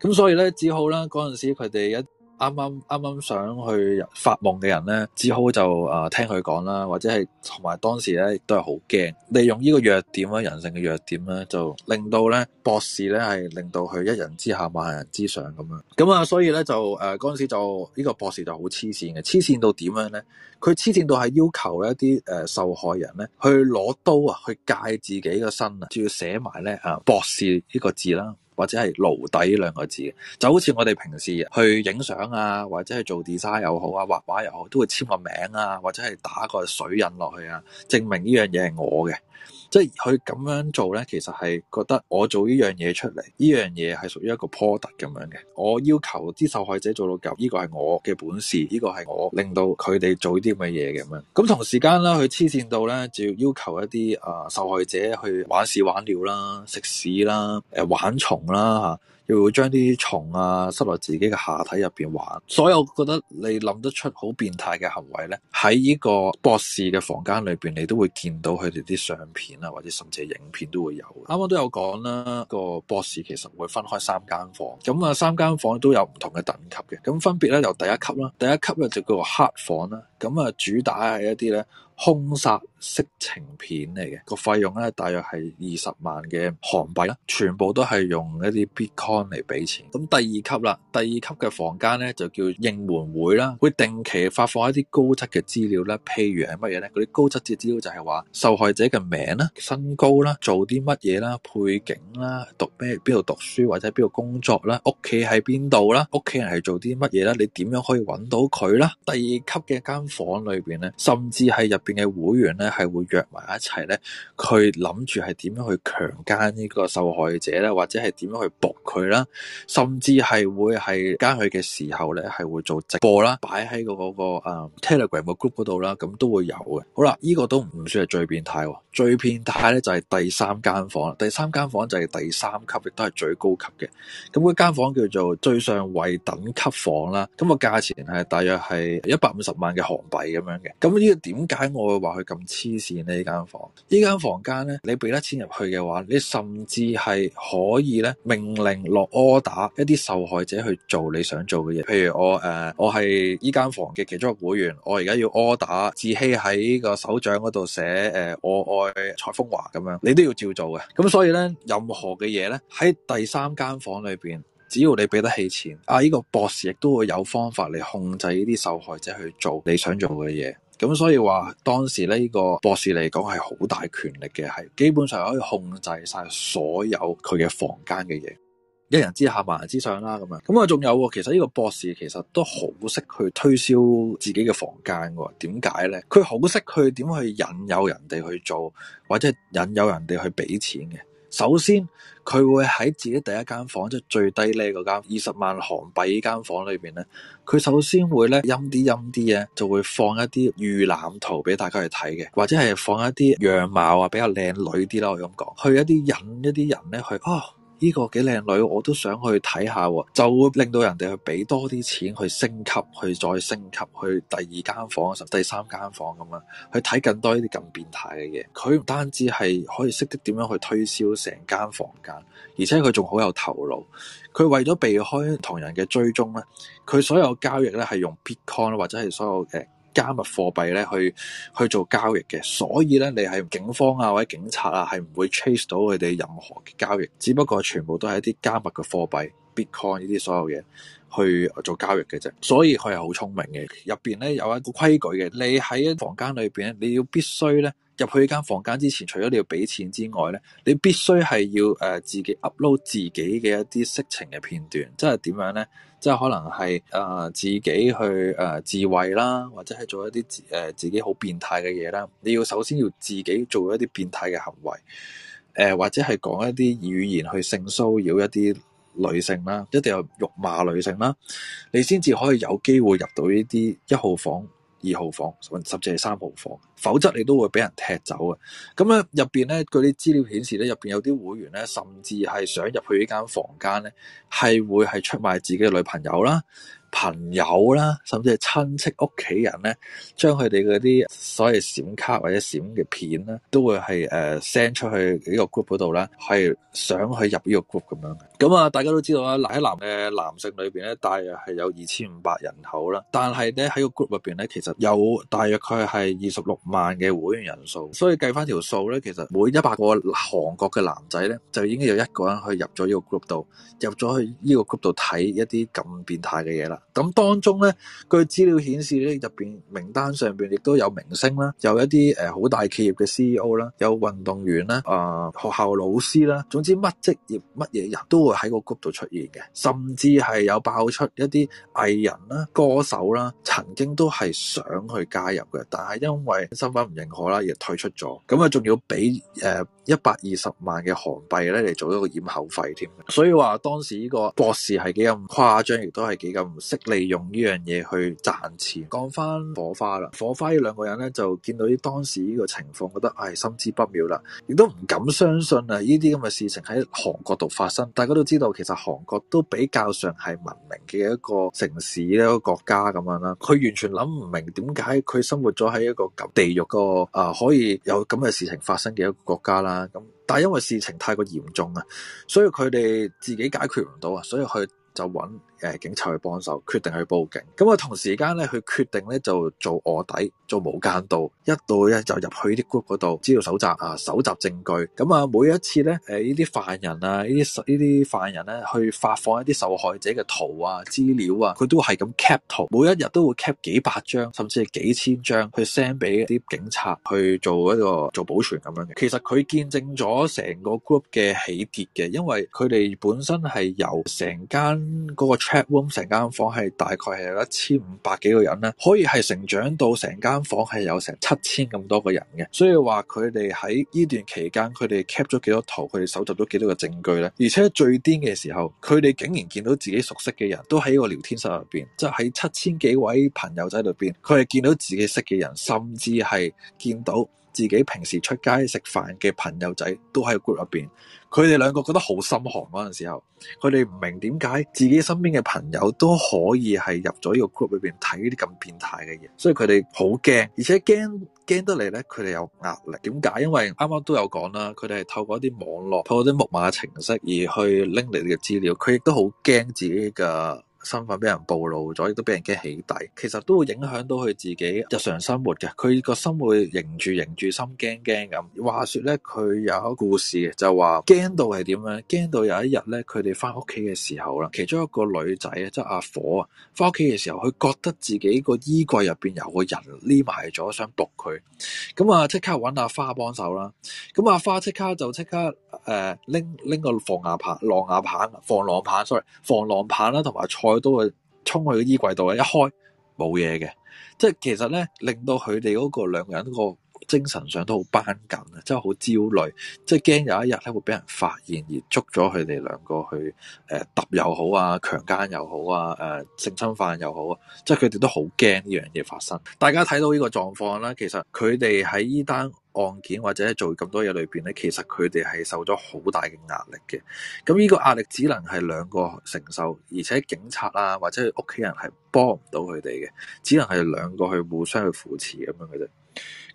咁所以咧，只好啦嗰陣時佢哋一。啱啱啱啱想去發夢嘅人咧，只好就誒聽佢講啦，或者係同埋當時咧都係好驚，利用呢個弱點啊，人性嘅弱點咧，就令到咧博士咧係令到佢一人之下萬人之上咁樣。咁啊，所以咧就誒嗰陣時就呢、這個博士就好黐線嘅，黐線到點樣咧？佢黐線到係要求一啲誒、呃、受害人咧去攞刀啊去界自己嘅身啊，仲要寫埋咧啊博士呢個字啦。或者係奴隸兩個字就好似我哋平時去影相啊，或者係做 design 又好啊，畫畫又好，都會簽個名啊，或者係打個水印落去啊，證明呢樣嘢係我嘅。即係佢咁樣做呢，其實係覺得我做呢樣嘢出嚟，呢樣嘢係屬於一個 product 咁樣嘅。我要求啲受害者做到夠，呢、這個係我嘅本事，呢、這個係我令到佢哋做啲咁嘅嘢咁樣。咁同時間啦，佢黐線到呢，就要求一啲啊、呃、受害者去玩屎玩尿啦，食屎啦，誒、呃、玩蟲。啦吓，又會將啲蟲啊塞落自己嘅下體入邊玩。所有我覺得你諗得出好變態嘅行為咧，喺呢個博士嘅房間裏邊，你都會見到佢哋啲相片啊，或者甚至係影片都會有。啱啱都有講啦，個博士其實會分開三間房咁啊，三間房都有唔同嘅等級嘅咁，分別咧由第一級啦，第一級咧就叫做黑房啦。咁啊，主打係一啲咧。凶殺色情片嚟嘅，這個費用咧大約係二十萬嘅韓幣啦，全部都係用一啲 bitcoin 嚟俾錢。咁第二級啦，第二級嘅房間咧就叫應援會啦，會定期發放一啲高質嘅資料啦，譬如係乜嘢咧？嗰啲高質嘅資料就係話受害者嘅名啦、身高啦、做啲乜嘢啦、背景啦、讀咩邊度讀書或者邊度工作啦、屋企喺邊度啦、屋企人係做啲乜嘢啦、你點樣可以揾到佢啦？第二級嘅間房裏邊咧，甚至係入。邊嘅會員咧係會約埋一齊咧，佢諗住係點樣去強奸呢個受害者咧，或者係點樣去搏佢啦，甚至係會係奸佢嘅時候咧係會做直播啦，擺喺、嗰個嗰個、嗯、誒 Telegram 個 group 嗰度啦，咁都會有嘅。好啦，呢、呢個都唔算係最變態、喔，最變態咧就係、係、第三間房，第三間房就係第三級，亦都係最高級嘅。咁嗰間房叫做最上位等級房啦，咁、嗰個價錢係大約係一百五十萬嘅韓幣咁樣嘅。咁呢個點解？我會話佢咁黐線呢間房？呢間房間呢，你俾得錢入去嘅話，你甚至係可以呢命令落柯打一啲受害者去做你想做嘅嘢。譬如我誒、呃，我係呢間房嘅其中一個會員，我而家要柯打，d e 志希喺個手掌嗰度寫誒，我愛蔡風華咁樣，你都要照做嘅。咁所以呢，任何嘅嘢呢，喺第三間房裏邊，只要你俾得起錢，啊，呢、這個博士亦都會有方法嚟控制呢啲受害者去做你想做嘅嘢。咁所以話當時呢個博士嚟講係好大權力嘅，係基本上可以控制晒所有佢嘅房間嘅嘢，一人之下萬人之上啦咁樣！咁啊仲有、哦，其實呢個博士其實都好識去推銷自己嘅房間，點解呢？佢好識去點去引誘人哋去做，或者引誘人哋去俾錢嘅。首先，佢會喺自己第一間房，即係最低呢嗰間二十萬韓幣呢間房裏邊呢，佢首先會呢，陰啲陰啲嘢，就會放一啲預覽圖俾大家去睇嘅，或者係放一啲樣貌啊，比較靚女啲啦，我咁講，去一啲引一啲人呢，去啊。呢個幾靚女，我都想去睇下喎，就會令到人哋去俾多啲錢去升級，去再升級，去第二間房、第三間房咁樣去睇更多呢啲咁變態嘅嘢。佢唔單止係可以識得點樣去推銷成間房間，而且佢仲好有頭腦。佢為咗避開同人嘅追蹤咧，佢所有交易咧係用 Bitcoin 或者係所有嘅。加密貨幣咧去去做交易嘅，所以咧你係警方啊或者警察啊係唔會 chase 到佢哋任何嘅交易，只不過全部都係一啲加密嘅貨幣 Bitcoin 呢啲所有嘢去做交易嘅啫，所以佢係好聰明嘅。入邊咧有一個規矩嘅，你喺一房間裏邊咧，你要必須咧。入去呢間房間之前，除咗你要俾錢之外咧，你必須係要誒、呃、自己 upload 自己嘅一啲色情嘅片段，即係點樣咧？即係可能係誒、呃、自己去誒、呃、自慰啦，或者係做一啲誒、呃、自己好變態嘅嘢啦。你要首先要自己做一啲變態嘅行為，誒、呃、或者係講一啲語言去性騷擾一啲女性啦，一定要辱罵女性啦，你先至可以有機會入到呢啲一號房。二號房甚至係三號房，否則你都會俾人踢走啊！咁咧入邊咧，據啲資料顯示咧，入邊有啲會員咧，甚至係想入去呢間房間咧，係會係出賣自己嘅女朋友啦。朋友啦，甚至係親戚屋企人咧，將佢哋嗰啲所謂閃卡或者閃嘅片咧，都會係誒 send 出去呢個 group 嗰度啦，係想去入呢個 group 咁樣。咁、嗯、啊，大家都知道啦，喺男嘅男性裏邊咧，大約係有二千五百人口啦，但係咧喺個 group 入邊咧，其實有大約佢係二十六萬嘅會員人數，所以計翻條數咧，其實每一百個韓國嘅男仔咧，就已經有一個人去入咗呢個 group 度，入咗去呢個 group 度睇一啲咁變態嘅嘢啦。咁當中咧，據資料顯示咧，入邊名單上邊亦都有明星啦，有一啲誒好大企業嘅 CEO 啦，有運動員啦，啊、呃、學校老師啦，總之乜職業乜嘢人都會喺個谷度出現嘅，甚至係有爆出一啲藝人啦、歌手啦，曾經都係想去加入嘅，但係因為身份唔認可啦，而退出咗。咁啊，仲要俾誒一百二十萬嘅韓幣咧嚟做一個掩口費添。所以話當時呢個博士係幾咁誇張，亦都係幾咁。利用呢樣嘢去賺錢。講翻火花啦，火花呢兩個人咧就見到啲當時呢個情況，覺得唉、哎，心知不妙啦，亦都唔敢相信啊！呢啲咁嘅事情喺韓國度發生，大家都知道，其實韓國都比較上係文明嘅一個城市，一個國家咁樣啦。佢完全諗唔明點解佢生活咗喺一個咁地獄個啊，可以有咁嘅事情發生嘅一個國家啦。咁但係因為事情太過嚴重啊，所以佢哋自己解決唔到啊，所以佢就揾。誒警察去幫手，決定去報警。咁、嗯、啊，同時間咧，佢決定咧就做卧底，做無間道。一到咧就入去啲 group 嗰度，資料搜集啊，蒐集證據。咁、嗯、啊，每一次咧，誒呢啲犯人啊，呢啲呢啲犯人咧，去發放一啲受害者嘅圖啊、資料啊，佢都係咁 cap 圖，每一日都會 cap 幾百張，甚至係幾千張去 send 俾啲警察去做一個做保存。咁樣嘅。其實佢見證咗成個 group 嘅起跌嘅，因為佢哋本身係由成間嗰個 Chatroom 成間房係大概係有一千五百幾個人咧，可以係成長到成間房係有成七千咁多個人嘅，所以話佢哋喺呢段期間，佢哋 cap 咗幾多圖，佢哋搜集咗幾多個證據咧，而且最癲嘅時候，佢哋竟然見到自己熟悉嘅人都喺個聊天室入邊，即係喺七千幾位朋友仔入邊，佢係見到自己識嘅人，甚至係見到。自己平時出街食飯嘅朋友仔都喺 group 入邊，佢哋兩個覺得好心寒嗰陣時候，佢哋唔明點解自己身邊嘅朋友都可以係入咗呢個 group 裏邊睇呢啲咁變態嘅嘢，所以佢哋好驚，而且驚驚得嚟咧，佢哋有壓力。點解？因為啱啱都有講啦，佢哋係透過一啲網絡，透過啲木馬程式而去拎你哋嘅資料，佢亦都好驚自己嘅。身份俾人暴露咗，亦都俾人驚起底，其實都會影響到佢自己日常生活嘅。佢個心會迎住凝住，心驚驚咁。話說咧，佢有一個故事就話驚到係點樣？驚到有一日咧，佢哋翻屋企嘅時候啦，其中一個女仔啊，即係阿火啊，翻屋企嘅時候，佢覺得自己個衣櫃入邊有個人匿埋咗，想搏佢。咁啊，即刻揾阿花幫手啦。咁阿花即刻就即刻誒，拎、呃、拎個防牙棒、狼牙棒、防狼棒，sorry，防狼棒啦，同埋菜。佢都會衝去個衣櫃度啊！一開冇嘢嘅，即係其實咧令到佢哋嗰個兩個人嗰個。精神上都好繃緊啊，即係好焦慮，即係驚有一日咧會俾人發現而捉咗佢哋兩個去誒揼又好啊，強姦又好啊，誒、呃、性侵犯又好啊，即係佢哋都好驚呢樣嘢發生。大家睇到呢個狀況啦，其實佢哋喺呢單案件或者做咁多嘢裏邊咧，其實佢哋係受咗好大嘅壓力嘅。咁呢個壓力只能係兩個承受，而且警察啊或者屋企人係幫唔到佢哋嘅，只能係兩個去互相去扶持咁樣嘅啫。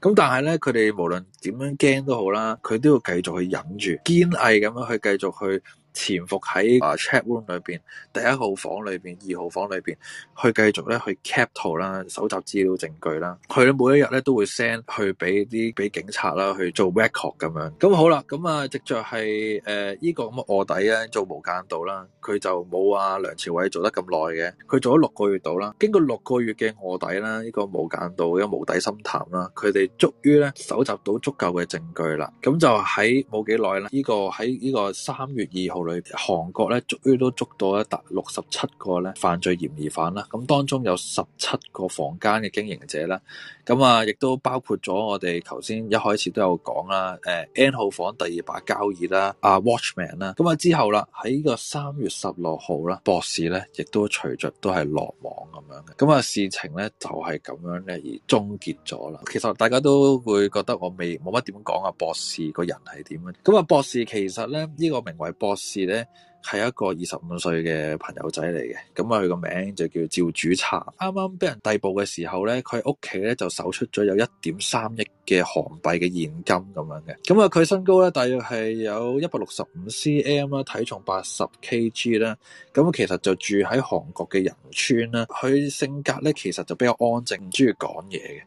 咁但係咧，佢哋無論點樣驚都好啦，佢都要繼續去忍住，堅毅咁樣去繼續去。潛伏喺啊 chat room 裏邊，第一號房裏邊、二號房裏邊，去繼續咧去 capture 啦、搜集資料證據啦，佢咧每一日咧都會 send 去俾啲俾警察啦，去做 record 咁樣。咁好啦，咁啊，直著係誒依個咁嘅臥底啊，做無間道啦，佢就冇啊，梁朝偉做得咁耐嘅，佢做咗六個月度啦。經過六個月嘅臥底啦，呢、呢個無間道嘅、呢個、無底深潭啦，佢哋終於咧搜集到足夠嘅證據啦，咁就喺冇幾耐咧，呢、呢個喺呢個三月二號。韓國咧，終於都捉到一達六十七個咧犯罪嫌疑犯啦。咁當中有十七個房間嘅經營者啦，咁啊，亦都包括咗我哋頭先一開始都有講啦。誒、呃、N 號房第二把交椅啦，啊，Watchman 啦，咁啊之後啦，喺個三月十六號啦，博士咧亦都隨着都係落網咁樣嘅。咁啊，事情咧就係、是、咁樣咧而終結咗啦。其實大家都會覺得我未冇乜點講啊，博士個人係點樣啊。咁啊，博士其實咧呢、這個名為博士，是咧係一個二十五歲嘅朋友仔嚟嘅，咁啊佢個名就叫趙主燦。啱啱俾人逮捕嘅時候咧，佢屋企咧就搜出咗有一點三億嘅韓幣嘅現金咁樣嘅。咁啊佢身高咧大約係有一百六十五 cm 啦，體重八十 kg 啦。咁佢其實就住喺韓國嘅仁川啦。佢性格咧其實就比較安靜，唔中意講嘢嘅。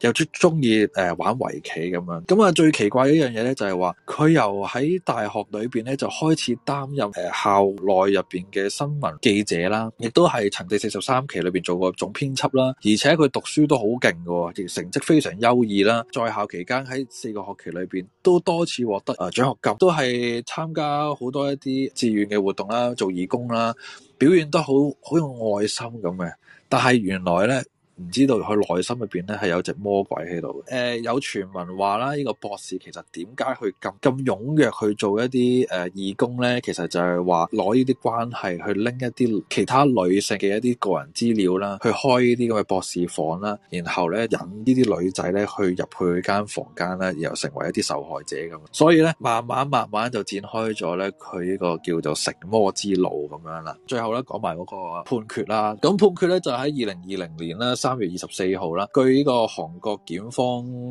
又中意誒玩圍棋咁樣，咁啊最奇怪一樣嘢咧就係話佢由喺大學裏邊咧就開始擔任誒、呃、校內入邊嘅新聞記者啦，亦都係《曾第四十三期》裏邊做過總編輯啦，而且佢讀書都好勁嘅，而成績非常優異啦，在校期間喺四個學期裏邊都多次獲得誒獎、呃、學金，都係參加好多一啲志願嘅活動啦，做義工啦，表現得好好有愛心咁嘅，但係原來咧。唔知道佢內心入邊咧係有隻魔鬼喺度。誒、呃，有傳聞話啦，呢、這個博士其實點解去咁咁踴躍去做一啲誒、呃、義工咧？其實就係話攞呢啲關係去拎一啲其他女性嘅一啲個人資料啦，去開呢啲咁嘅博士房啦，然後咧引呢啲女仔咧去入去間房間啦，然後成為一啲受害者咁。所以咧，慢慢慢慢就展開咗咧，佢呢個叫做成魔之路咁樣啦。最後咧，講埋嗰個判決啦。咁判決咧就喺二零二零年啦。三月二十四號啦，據呢個韓國檢方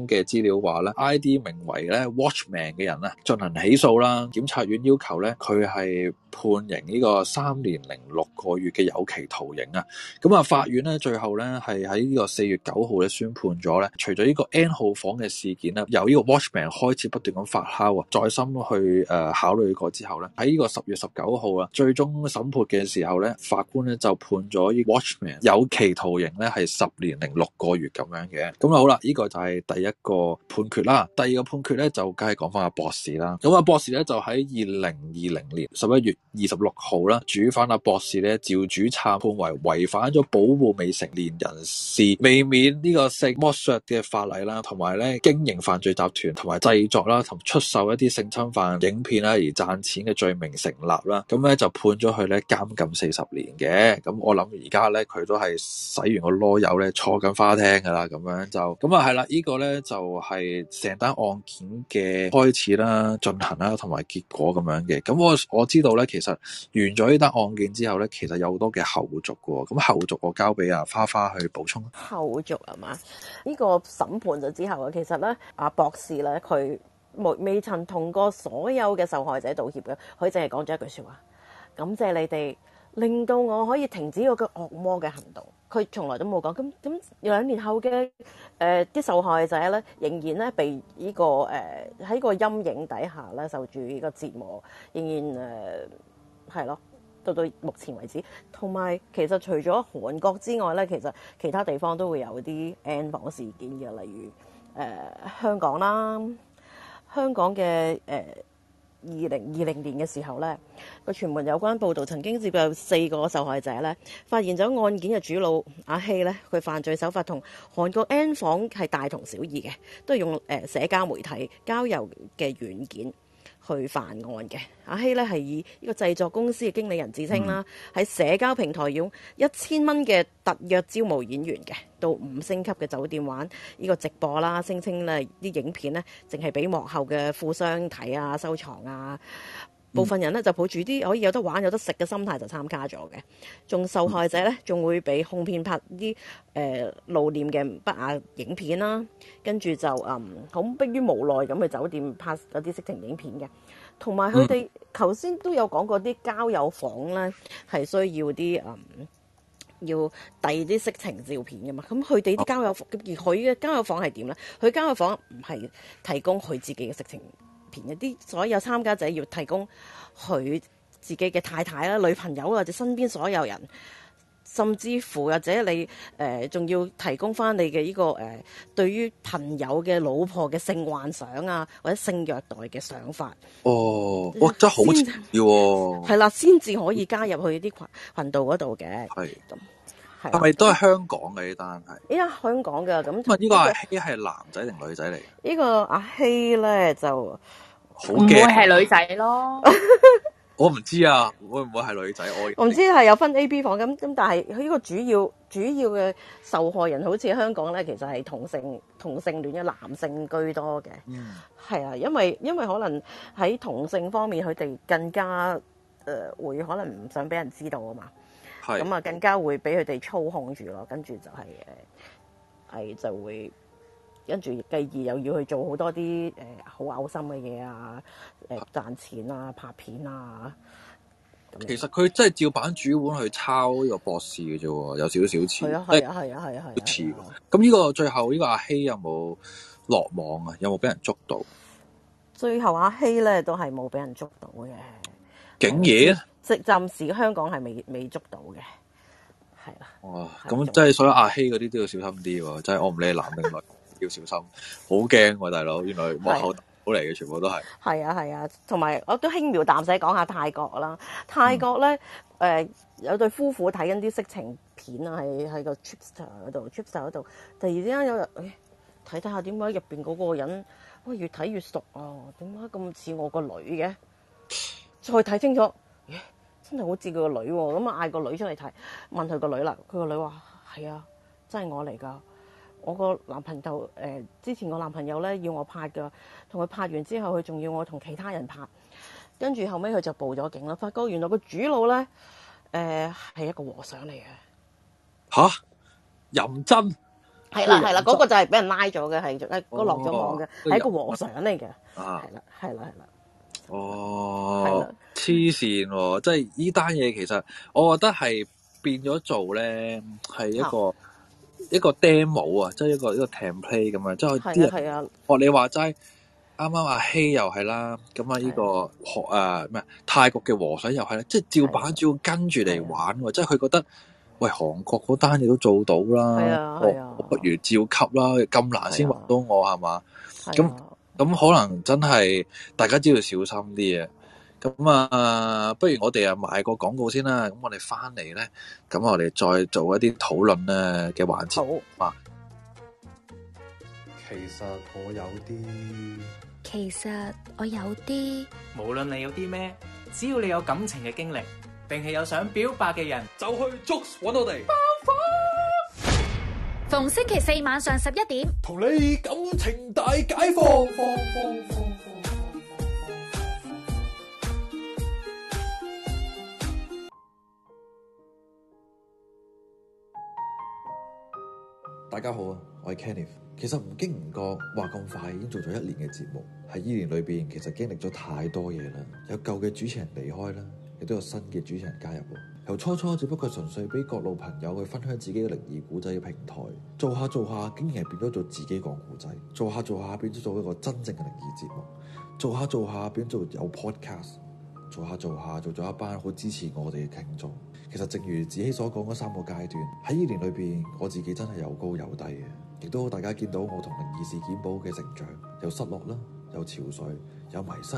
嘅資料話咧，ID 名為咧 Watchman 嘅人咧進行起訴啦，檢察院要求咧佢係，判刑呢個三年零六個月嘅有期徒刑啊！咁、嗯、啊，法院咧最後咧係喺呢個四月九號咧宣判咗咧，除咗呢個 N 號房嘅事件啦，由呢個 Watchman 開始不斷咁發酵啊，再深去誒、呃、考慮過之後咧，喺呢個十月十九號啊，最終審判嘅時候咧，法官咧就判咗呢 Watchman 有期徒刑咧係十年零六個月咁樣嘅。咁、嗯、啊好啦，呢、這個就係第一個判決啦。第二個判決咧就梗係講翻阿博士啦。咁、嗯、啊，博士咧就喺二零二零年十一月。二十六號啦，主犯阿博士咧，趙主燦判為違反咗保護未成年人士未免呢個性剝削嘅法例啦，同埋咧經營犯罪集團同埋製作啦同出售一啲性侵犯影片啦而賺錢嘅罪名成立啦，咁咧就判咗佢咧監禁四十年嘅。咁我諗而家咧佢都係洗完個囉柚咧坐緊花廳噶啦，咁樣就咁啊係啦，這個、呢個咧就係、是、成單案件嘅開始啦、進行啦同埋結果咁樣嘅，咁我我知道咧。其實完咗呢單案件之後呢，其實有好多嘅後續噶、哦，咁後續我交俾阿花花去補充。後續係、啊、嘛？呢、這個審判咗之後啊，其實呢阿、啊、博士呢，佢未未曾同過所有嘅受害者道歉嘅，佢淨係講咗一句說話，感謝你哋令到我可以停止我個惡魔嘅行動。佢從來都冇講，咁咁兩年後嘅誒啲受害者咧，仍然咧被依、這個誒喺、呃、個陰影底下咧受住呢個折磨，仍然誒係咯，到、呃、到目前為止。同埋其實除咗韓國之外咧，其實其他地方都會有啲 N 房事件嘅，例如誒、呃、香港啦，香港嘅誒。呃二零二零年嘅時候呢，個傳聞有關報導曾經接觸咗四個受害者呢，發現咗案件嘅主腦阿希呢，佢犯罪手法同韓國 N 房係大同小異嘅，都係用誒社交媒體交友嘅軟件。去犯案嘅，阿希呢，係以呢個製作公司嘅經理人自稱啦，喺、嗯、社交平台用一千蚊嘅特約招募演員嘅，到五星級嘅酒店玩呢、這個直播啦，聲稱呢啲影片呢，淨係俾幕後嘅富商睇啊、收藏啊。部分人咧就抱住啲可以有得玩有得食嘅心態，就參加咗嘅，仲受害者咧仲會被控騙拍啲誒、呃、露臉嘅不雅影片啦、啊，跟住就嗯好迫於無奈咁去酒店拍嗰啲色情影片嘅，同埋佢哋頭先都有講過啲交友房咧係需要啲嗯要遞啲色情照片嘅嘛，咁佢哋啲交友而佢嘅交友房係點咧？佢交友房唔係提供佢自己嘅色情。啲所有參加者要提供佢自己嘅太太啦、女朋友或者身邊所有人，甚至乎或者你誒仲、呃、要提供翻你嘅呢、呢個誒、呃，對於朋友嘅老婆嘅性幻想啊，或者性虐待嘅想法。哦，哇、哦哦，真係好要喎！係啦， *laughs* *laughs* 先至可以加入去啲羣道度嗰度嘅。係是，係咪、嗯、都係香港嘅呢單。係？依家、嗯、香港㗎，咁、嗯。呢個阿希係男仔定女仔嚟？呢個阿希咧就。唔會係女仔咯，我唔知啊，會唔會係女仔？我唔知係 *laughs* 有分 A、B 房，咁咁，但係呢個主要主要嘅受害人好似香港咧，其實係同性同性戀嘅男性居多嘅，係、嗯、啊，因為因為可能喺同性方面佢哋更加誒會、呃、可能唔想俾人知道啊嘛，咁啊是更加會俾佢哋操控住咯，跟住就係誒係就會。跟住，繼而又要去做多、呃、好多啲誒好嘔心嘅嘢啊！誒、呃、賺錢啊，拍片啊！其實佢真係照板煮碗去抄呢個博士嘅啫喎，有少少似。係英文啊，係啊，係啊，係啊，好似喎。咁呢個最後呢個阿希有冇落網啊？有冇俾人捉到英文？最後阿希咧都係冇俾人捉到嘅。竟嘢然！即暫英文、嗯、時香港係未未捉到嘅，係啦、啊。哇、啊！咁即係所以阿希嗰啲都要小心啲喎樣。真係我唔理男定女。要小心，好驚我大佬！原來幕後大佬嚟嘅，啊、全部都係。係啊係啊，同埋、啊、我都輕描淡寫講下泰國啦。泰國咧，誒、嗯呃、有對夫婦睇緊啲色情片啊，係係個 tripster 度 tripster 度。突然之間有人，睇睇下點解入邊嗰個人，哇越睇越熟啊，點解咁似我個女嘅？再睇清楚，欸、真係好似佢個女喎、啊。咁嗌個女出嚟睇，問佢個女啦，佢個女話：係啊，真係我嚟㗎。我個男朋友誒、呃，之前個男朋友咧要我拍嘅，同佢拍完之後，佢仲要我同其他人拍，跟住後尾，佢就報咗警啦。發覺原來個主腦咧誒係一個和尚嚟嘅。吓？淫僧？係啦係啦，嗰個就係俾人拉咗嘅，係落咗網嘅，係一個和尚嚟嘅。哦、啊！係啦係啦係啦。哦！黐線喎，即係呢單嘢其實我覺得係變咗做咧係一個。啊一個 demo 啊，即係一個一個 template 咁樣，即係啲人學、啊、你話齋，啱啱阿希又係啦，咁、這個、啊呢個學啊咩泰國嘅和尚又係啦，即係照版照跟住嚟玩，啊、即係佢覺得喂韓國嗰單你都做到啦、啊啊，我不如照吸啦，咁難先揾到我係咪，咁咁可能真係大家都要小心啲嘅。咁啊，不如我哋啊買個廣告先啦。咁我哋翻嚟咧，咁我哋再做一啲討論咧嘅環節。好啊。其實我有啲，其實我有啲。無論你有啲咩，只要你有感情嘅經歷，定係有想表白嘅人，就去捉搵我哋。包包，逢星期四晚上十一點，同你感情大解放。十放放放放大家好啊，我係 Kenneth。其實唔經唔覺，話咁快已經做咗一年嘅節目。喺依年裏邊，其實經歷咗太多嘢啦。有舊嘅主持人離開啦，亦都有新嘅主持人加入。由初初只不過純粹俾各路朋友去分享自己嘅靈異古仔嘅平台，做下做下，竟然係變咗做自己講古仔。做下做下，變咗做一個真正嘅靈異節目。做下做下，變做有 podcast。做下做下，做咗一班好支持我哋嘅聽眾。其實正如子希所講嗰三個階段，喺依年裏邊，我自己真係有高有低嘅，亦都大家見到我同《靈異事件簿》嘅成長，有失落啦，有潮水，有迷失，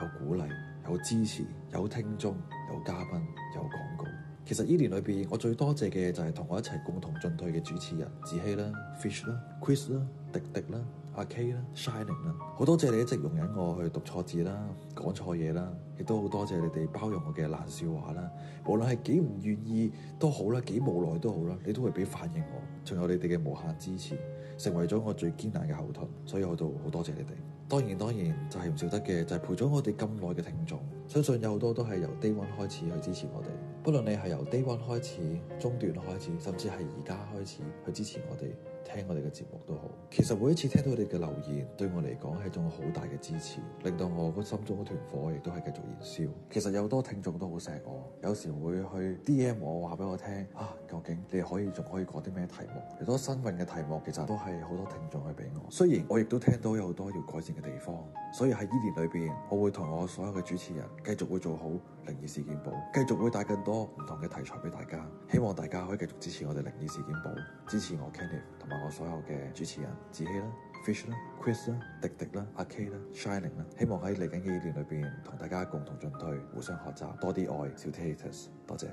有鼓勵，有支持，有聽眾，有嘉賓，有廣告。其實依年裏邊，我最多謝嘅就係同我一齊共同進退嘅主持人子希啦、Fish 啦、Chris 啦、迪迪啦。阿 K 啦，Shining 啦，好多謝你一直容忍我去讀錯字啦，講錯嘢啦，亦都好多謝你哋包容我嘅爛笑話啦。無論係幾唔願意都好啦，幾無奈都好啦，你都會俾反應我。仲有你哋嘅無限支持，成為咗我最艱難嘅後盾，所以我都好多謝你哋。當然當然就係唔少得嘅，就係陪咗我哋咁耐嘅聽眾，相信有好多都係由 Day One 開始去支持我哋。不論你係由 Day One 開始，中段開始，甚至係而家開始去支持我哋。聽我哋嘅節目都好，其實每一次聽到你嘅留言，對我嚟講係一種好大嘅支持，令到我心中嘅團火亦都係繼續燃燒。其實有多聽眾都好錫我，有時會去 DM 我話俾我聽啊，究竟你可以仲可以講啲咩題目？好多新份嘅題目，其實都係好多聽眾去俾我。雖然我亦都聽到有好多要改善嘅地方，所以喺呢年裏邊，我會同我所有嘅主持人繼續會做好《靈異事件簿》，繼續會帶更多唔同嘅題材俾大家。希望大家可以繼續支持我哋《靈異事件簿》，支持我 Kenneth 同。我所有嘅主持人子希啦、Fish 啦、Chris 啦、迪迪啦、阿 K 啦、Shining 啦，希望喺嚟緊嘅一年裏邊同大家共同進退，互相學習，多啲愛，少啲 haters，多謝。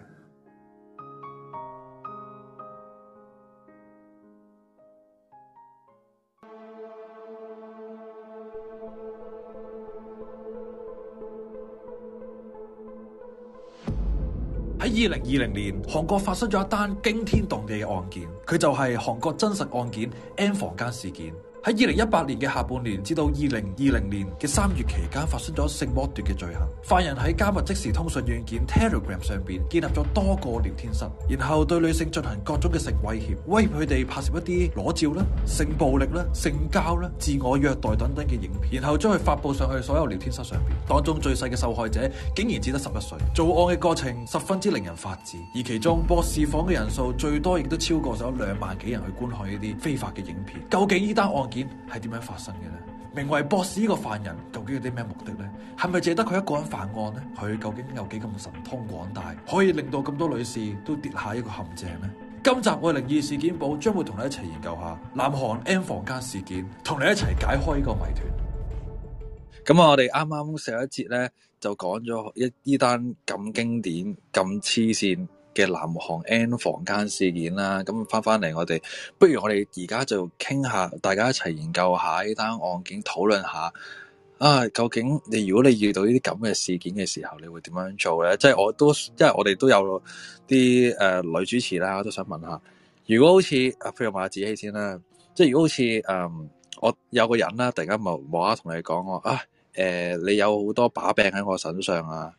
喺二零二零年，韓國發生咗一單驚天動地嘅案件，佢就係韓國真實案件 N 房間事件。喺二零一八年嘅下半年至到二零二零年嘅三月期間，發生咗性剝削嘅罪行。犯人喺加密即時通訊軟件 Telegram 上邊建立咗多個聊天室，然後對女性進行各種嘅性威脅，威脅佢哋拍攝一啲裸照啦、性暴力啦、性交啦、自我虐待等等嘅影片，然後將佢發布上去所有聊天室上邊。當中最細嘅受害者竟然只得十一歲。作案嘅過程十分之令人發指，而其中博士房嘅人數最多亦都超過咗兩萬幾人去觀看呢啲非法嘅影片。究竟呢單案件係點樣發生嘅呢？名為博士呢個犯人，究竟有啲咩目的呢？係咪淨得佢一個人犯案呢？佢究竟有幾咁神通廣大，可以令到咁多女士都跌下一個陷阱呢？今集我哋靈異事件簿將會同你一齊研究下南韓 N 房間事件，同你一齊解開呢個謎團。咁啊，我哋啱啱上一節咧就講咗一呢單咁經典、咁黐線。.嘅南韓 N 房間事件啦，咁翻翻嚟我哋，不如我哋而家就傾下，大家一齊研究下呢單案件，討論下啊，究竟你如果你遇到呢啲咁嘅事件嘅時候，你會點樣做咧？即、就、係、是、我都，因為我哋都有啲誒、呃、女主持啦，我都想問下，如果好似譬如話子希先啦，即係如果好似誒、呃，我有個人啦，突然間冇話同你講我啊，誒、呃，你有好多把柄喺我身上啊。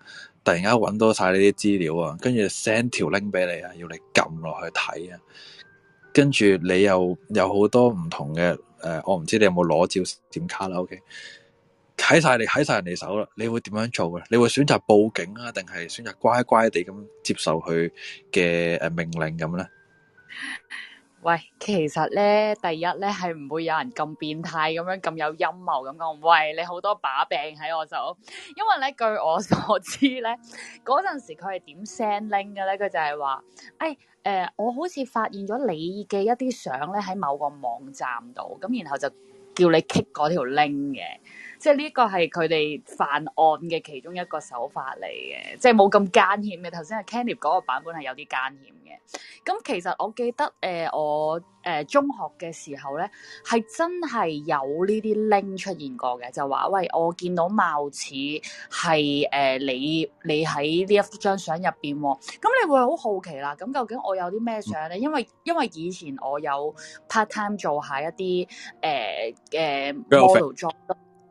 突然間揾到晒呢啲資料啊，跟住 send 條 link 俾你啊，要你撳落去睇啊，跟住你又有好多唔同嘅誒，我唔知你有冇裸照點卡啦？OK，喺晒你，喺晒人哋手啦，你會點樣做嘅？你會選擇報警啊，定係選擇乖乖地咁接受佢嘅誒命令咁咧？喂，其實咧，第一咧係唔會有人咁變態咁樣咁有陰謀咁講，喂，你好多把柄喺我手，因為咧據我所知咧，嗰陣時佢係點 send link 嘅咧，佢就係話，誒、哎、誒、呃，我好似發現咗你嘅一啲相咧喺某個網站度，咁然後就叫你 cut 嗰條 link 嘅。即係呢一個係佢哋犯案嘅其中一個手法嚟嘅，即係冇咁艱險嘅。頭先係 Kenip 嗰個版本係有啲艱險嘅。咁其實我記得誒、呃，我誒、呃、中學嘅時候咧，係真係有呢啲 link 出現過嘅，就話喂，我見到貌似係誒、呃、你你喺呢一張相入邊喎。咁你會好好奇啦。咁究竟我有啲咩相咧？嗯、因為因為以前我有 part time 做下一啲誒誒 model job。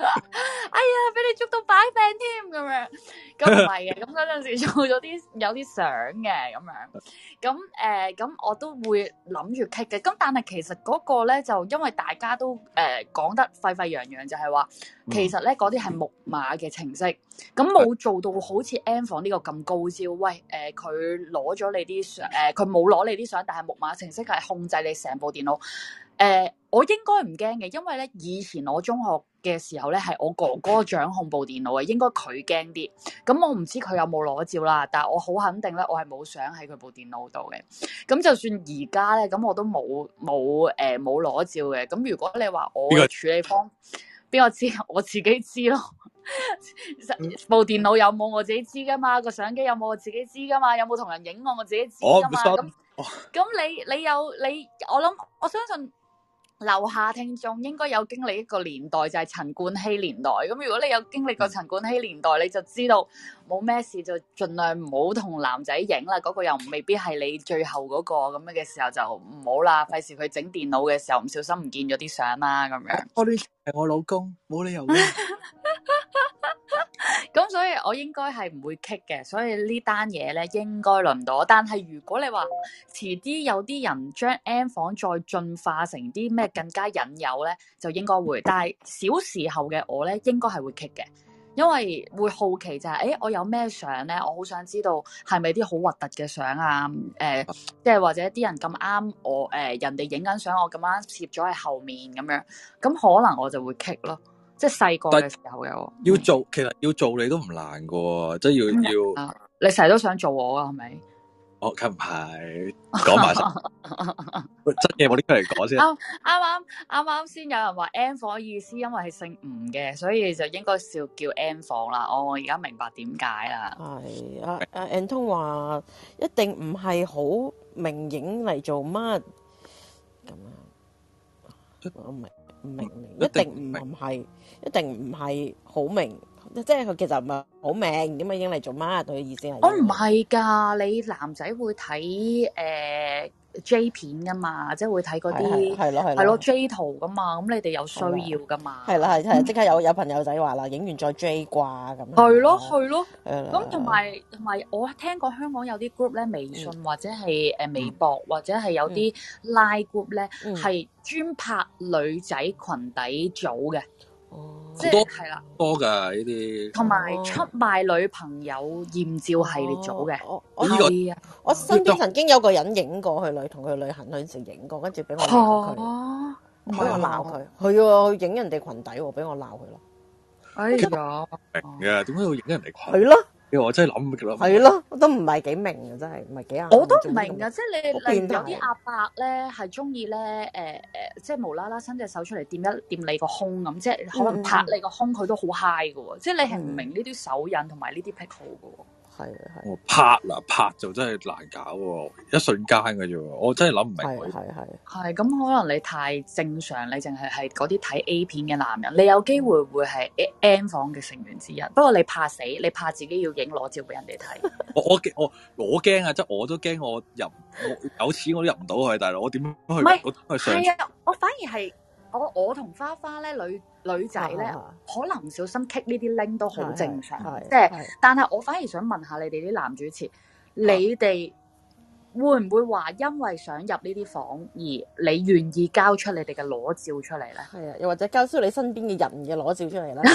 哎呀，俾你捉到擺病添咁樣，咁唔係嘅，咁嗰陣時做咗啲有啲相嘅咁樣，咁誒，咁我都會諗住傾嘅，咁但係其實嗰個咧就因為大家都誒講得沸沸揚揚，就係話其實咧嗰啲係木馬嘅程式，咁冇做到好似 M 房呢個咁高招，喂，誒，佢攞咗你啲相誒，佢冇攞你啲相，但係木馬程式係控制你成部電腦，誒，我應該唔驚嘅，因為咧以前我中學嘅時候咧，係我哥哥掌控部電腦嘅，應該佢驚啲。咁、嗯、我唔知佢有冇裸照啦，但係我好肯定咧，我係冇相喺佢部電腦度嘅。咁、嗯、就算而家咧，咁、嗯、我都冇冇誒冇裸照嘅。咁、嗯、如果你話我處理方，邊個知？我自己知咯。 *laughs* 部電腦有冇我自己知噶嘛？個相機有冇我自己知噶嘛？有冇同人影我我自己知噶嘛？咁咁、哦哦、你你有你，我諗我相信。樓下聽眾應該有經歷一個年代，就係、是、陳冠希年代。咁如果你有經歷過陳冠希年代，你就知道。冇咩事就盡量唔好同男仔影啦，嗰個又未必係你最後嗰個咁樣嘅時候就唔好啦，費事佢整電腦嘅時候唔小心唔見咗啲相啦咁樣。我我老公，冇理由嘅。咁 *laughs* *laughs* 所以，我應該係唔會 kick 嘅，所以呢單嘢咧應該輪到。但係如果你話遲啲有啲人將 M 房再進化成啲咩更加引誘咧，就應該會。但係小時候嘅我咧，應該係會 kick 嘅。因為會好奇就係，誒，我有咩相咧？我好想知道係咪啲好核突嘅相啊？誒，即係或者啲人咁啱我，誒，人哋影緊相，我咁啱攝咗喺後面咁樣，咁可能我就會棘咯，即係細個嘅時候有。要做，係咪？其實要做你都唔難噶，即係要要，要啊，你成日都想做我啊？係咪？哦，我近排講埋實，真嘢我拎出嚟講先。啱啱啱啱先有人話 N 房意思，因為係姓吳嘅，所以就應該笑叫 N 房啦。我而家明白點解啦。係阿阿 Anton 話一定唔係好明影嚟做乜咁樣。我明唔明？一定唔係，一定唔係好明。即係佢其實唔係好明點解影嚟做乜，佢意思係。我唔係㗎，你男仔會睇誒 J 片噶嘛，即係會睇嗰啲係係係咯係咯 J 圖噶嘛，咁你哋有需要噶嘛？係啦係係，即刻有有朋友仔話啦，影完再 J 掛咁。係咯係咯，咁同埋同埋，我聽過香港有啲 group 咧，微信或者係誒微博或者係有啲 line group 咧，係專拍女仔裙底組嘅。哦，即係多係啦，多噶呢啲，同埋些出賣女朋友豔照系列組嘅。哦，我呢、這個我身邊曾經有個人影過去旅，同佢旅行陣時影過，跟住俾我鬧佢，俾哈我鬧佢，佢喎影人哋裙底，俾我鬧佢咯。哎呀，明嘅，點解要影人哋裙底？係咯。我真係諗唔到，係咯，我都唔係幾明啊，真係唔係幾啱。我都唔明啊，即係你令有啲阿伯咧係中意咧，誒誒、呃，即係無啦啦伸隻手出嚟掂一掂你個胸咁，即係可能拍你個胸，佢都好 high 嘅喎，即係你係唔明呢啲手印同埋呢啲癖好嘅喎。嗯係，我拍嗱拍就真係難搞，一瞬間嘅啫，我真係諗唔明。係係係，咁可能你太正常，你淨係係嗰啲睇 A 片嘅男人，你有機會會係 N 房嘅成員之一。不過你怕死，你怕自己要影裸照俾人哋睇。 *laughs* 我我我我驚啊！即係我都驚我入，我有錢我都入唔到去，大佬，我點去？唔係我，我反而係。我我同花花咧女女仔咧，啊、可能唔小心棘呢啲 link 都好正常，即係，但係我反而想問下你哋啲男主持，啊、你哋會唔會話因為想入呢啲房而你願意交出你哋嘅裸照出嚟咧？係啊，又或者交出你身邊嘅人嘅裸照出嚟咧？ *laughs*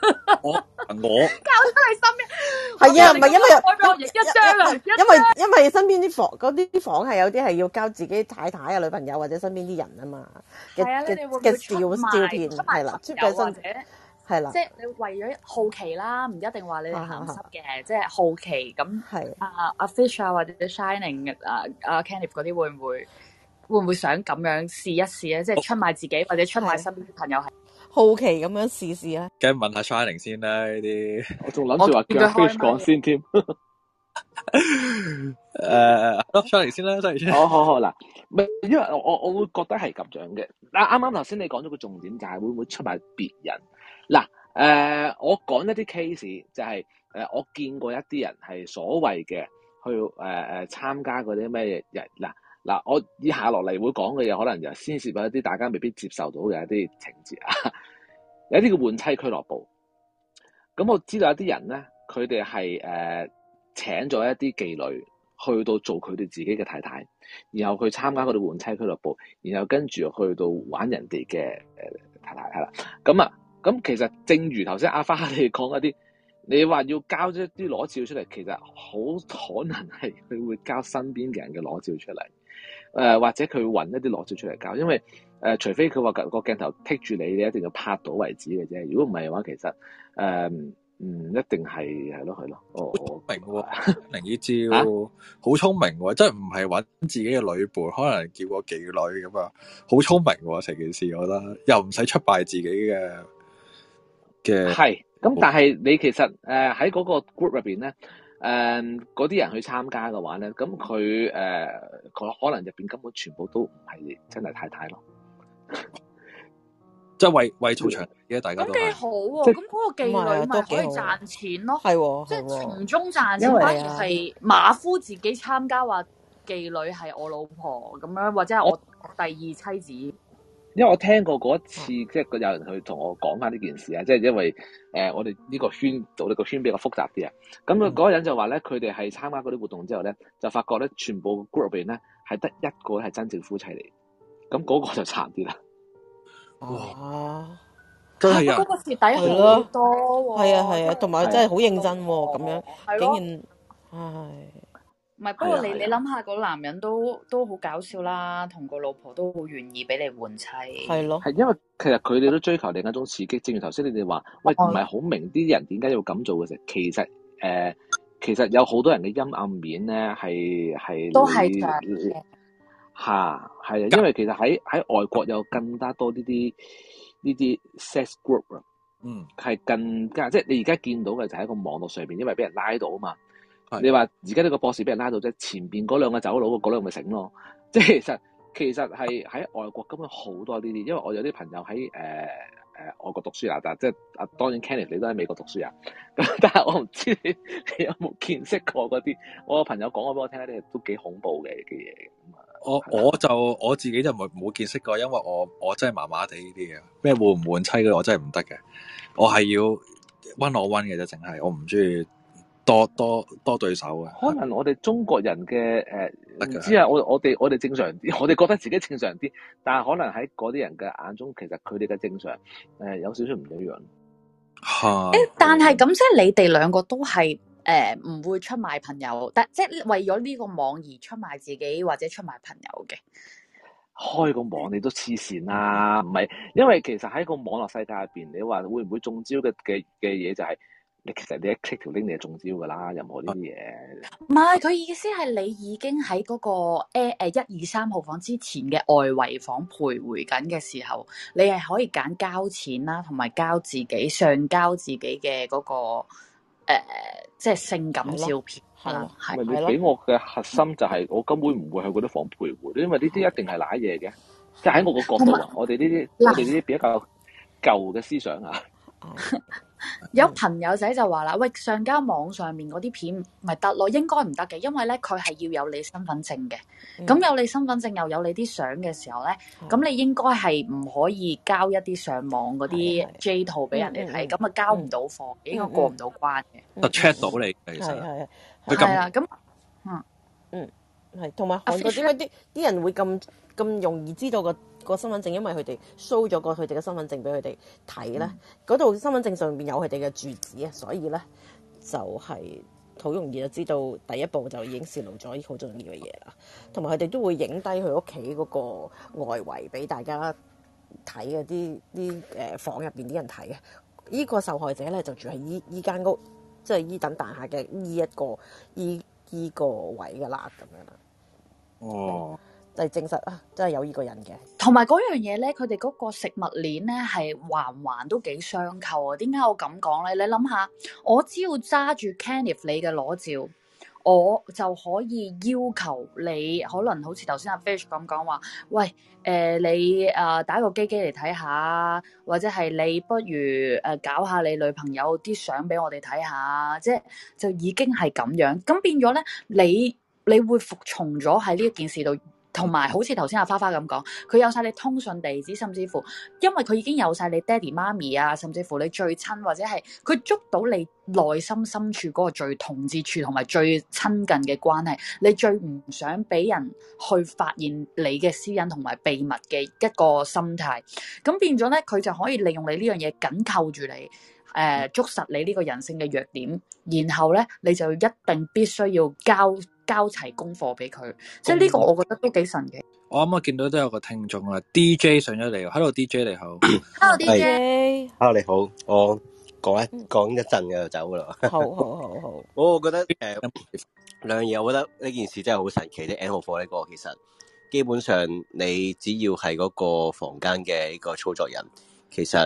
*laughs* 我我教出你心，邊係 *laughs* 啊，唔係因為一一張，因為因為身邊啲房嗰啲房係有啲係要交自己太太啊、女朋友或者身邊啲人啊嘛。係啊，你哋會唔會照片？係啦，出賣或者係啦，即係你為咗好奇啦，唔一定話你鹹濕嘅，即係好奇咁。係啊啊，Fish 或者 Shining 啊啊 Kenneth 嗰啲會唔會會唔會想咁樣試一試咧？即係出賣自己或者出賣身邊啲朋友係。 *noise* *noise* 好奇咁樣試試啦，梗係問下 Shining 先啦呢啲，我仲諗住話姜 fish 講先添。誒，咁 Shining 先啦 Shining 先。好，好，好嗱，因為我我我會覺得係咁樣嘅。嗱，啱啱頭先你講咗個重點就係會唔會出賣別人。嗱，誒、呃，我講一啲 case 就係、是，誒、呃，我見過一啲人係所謂嘅去，誒、呃、誒，參加嗰啲咩嘢嘢嗱，我以下落嚟會講嘅嘢，可能就先涉一啲大家未必接受到嘅一啲情節啊，有 *laughs* 一啲叫換妻俱樂部。咁我知道一啲人咧，佢哋係誒請咗一啲妓女去到做佢哋自己嘅太太，然後去參加佢哋換妻俱樂部，然後跟住去到玩人哋嘅誒太太係啦。咁啊，咁、嗯嗯、其實正如頭先阿花你講一啲，你話要交咗一啲裸照出嚟，其實好可能係佢會交身邊嘅人嘅裸照出嚟。誒、呃，或者佢會搵一啲裸照出嚟搞，因為誒、呃，除非佢話個個鏡頭剔住你，你一定要拍到為止嘅啫。如果唔係嘅話，其實誒，唔、呃嗯、一定係係咯，係咯。我哦， *laughs* 明喎，靈異照，啊、好聰明喎、哦，真係唔係搵自己嘅女伴，可能叫個妓女咁啊，好聰明喎、哦、成件事，我覺得又唔使出賣自己嘅嘅。係，咁但係你其實誒喺嗰個 group 入邊咧。誒，嗰啲、um, 人去參加嘅話咧，咁佢誒，佢、uh, 可能入邊根本全部都唔係真係太太咯，即係為為操場而、嗯、大家都，咁幾好喎、啊。咁嗰個妓女咪可以賺錢咯，係即係從中賺錢，啊啊、反而係馬夫自己參加話妓女係我老婆咁樣，或者係我第二妻子。因為我聽過嗰一次，即係有人去同我講翻呢件事啊，即係因為誒、呃、我哋呢個圈做呢個圈比較複雜啲啊，咁啊嗰個人就話咧，佢哋係參加嗰啲活動之後咧，就發覺咧全部 group 入邊咧係得一個係真正夫妻嚟，咁嗰個就慘啲啦。哇！真係啊，係咯，多喎。係啊係啊，同埋真係好認真喎，咁、啊、樣、啊、竟然係。哎唔係，不過你是啊是啊你諗下，個男人都都好搞笑啦，同個老婆都好願意俾你換妻，係咯的，係因為其實佢哋都追求另一種刺激。正如頭先你哋話，喂唔係好明啲人點解要咁做嘅啫。其實誒、呃，其實有好多人嘅陰暗面咧，係係都係嘅吓，係啊，因為其實喺喺外國有更加多呢啲呢啲 sex group 啊，嗯，係更加即係你而家見到嘅就喺個網絡上面，因為俾人拉到啊嘛。你話而家呢個博士俾人拉到即係，前邊嗰兩個走佬個嗰兩咪醒咯，即 *laughs* 係其實其實係喺外國根本好多呢啲，因為我有啲朋友喺誒誒外國讀書啊，但即係啊當然 Kenny 你都喺美國讀書啊，但係我唔知你，你有冇見識過嗰啲，我朋友講過俾我聽咧，都幾恐怖嘅嘅嘢咁啊。我我就我自己就冇冇見識過，因為我我真係麻麻地呢啲嘢，咩換唔換妻嘅，我真係唔得嘅，我係要 one on one 嘅，就淨係我唔中意。多多多對手啊！可能我哋中國人嘅，誒唔知啊，我我哋我哋正常啲，我哋覺得自己正常啲，但係可能喺嗰啲人嘅眼中，其實佢哋嘅正常誒、呃、有少少唔一樣。係 *laughs* ，但係咁即係你哋兩個都係誒唔會出賣朋友，但即係、就是、為咗呢個網而出賣自己或者出賣朋友嘅。開個網你都黐線啦，唔係因為其實喺個網絡世界入邊，你話會唔會中招嘅嘅嘅嘢就係、是。你其實你一 click 條 link 你就中招噶啦，任何啲嘢。唔係，佢意思係你已經喺嗰、嗰個誒誒一二三號房之前嘅外圍房徘徊緊嘅時候，你係可以揀交錢啦，同埋交自己上交自己嘅嗰、嗰個誒、呃，即係性感照片。係咪？你俾我嘅核心就係我根本唔會去嗰啲房徘徊，因為呢啲一定係瀨嘢嘅。即喺的我個角度的我，我哋呢啲我哋呢啲比較舊嘅思想啊。的 *laughs* 有朋友仔就話啦，喂，上交網上面嗰啲片咪得咯，應該唔得嘅，因為咧佢係要有你身份證嘅，咁有你身份證又有你啲相嘅時候咧，咁你應該係唔可以交一啲上網嗰啲 J 圖俾人哋睇，咁啊、嗯嗯嗯嗯、交唔到貨，應該過唔到關嘅，特 check 到你，其實係係啊，咁嗯嗯，係，同埋點解啲啲人會咁咁容易知道個？個身份證，因為佢哋 show 咗個佢哋嘅身份證俾佢哋睇咧，嗰度、嗯、身份證上面有佢哋嘅住址啊，所以咧就係、是、好容易就知道第一步就已經泄露咗好重要嘅嘢啦。同埋佢哋都會影低佢屋企嗰個外圍俾大家睇嘅啲啲誒房入邊啲人睇嘅。依、這個受害者咧就住喺依依間屋，即係依等大廈嘅依一個依依、這個位噶啦，咁樣啦。哦。係證實啊，真係有呢個人嘅同埋嗰樣嘢咧。佢哋嗰個食物鏈咧係環環都幾相扣啊。點解我咁講咧？你諗下，我只要揸住 Candice 你嘅裸照，我就可以要求你，可能好似頭先阿 Fish 咁講話，喂誒、呃、你誒、呃、打個機機嚟睇下，或者係你不如誒搞下你女朋友啲相俾我哋睇下即係，就已經係咁樣咁變咗咧。你你會服從咗喺呢一件事度。同埋好似頭先阿花花咁講，佢有晒你通訊地址，甚至乎因為佢已經有晒你爹哋媽咪啊，甚至乎你最親或者係佢捉到你內心深處嗰個最同志處同埋最親近嘅關係，你最唔想俾人去發現你嘅私隱同埋秘密嘅一個心態，咁變咗呢，佢就可以利用你呢樣嘢緊扣住你，誒、呃、捉實你呢個人性嘅弱點，然後呢，你就一定必須要交。交齊功課俾佢，課即係呢個我覺得都幾神奇。我啱啱見到都有個聽眾啊，DJ 上咗嚟，hello DJ 你好 *coughs* ，hello DJ，h、hey. hello 你好，我講一講一陣嘅，就走噶啦。好 *laughs* 好好好。我覺得誒兩樣嘢，嗯、 *coughs* 我覺得呢件事真係好神奇。啲 N 號房呢個其實基本上你只要係嗰個房間嘅一個操作人，其實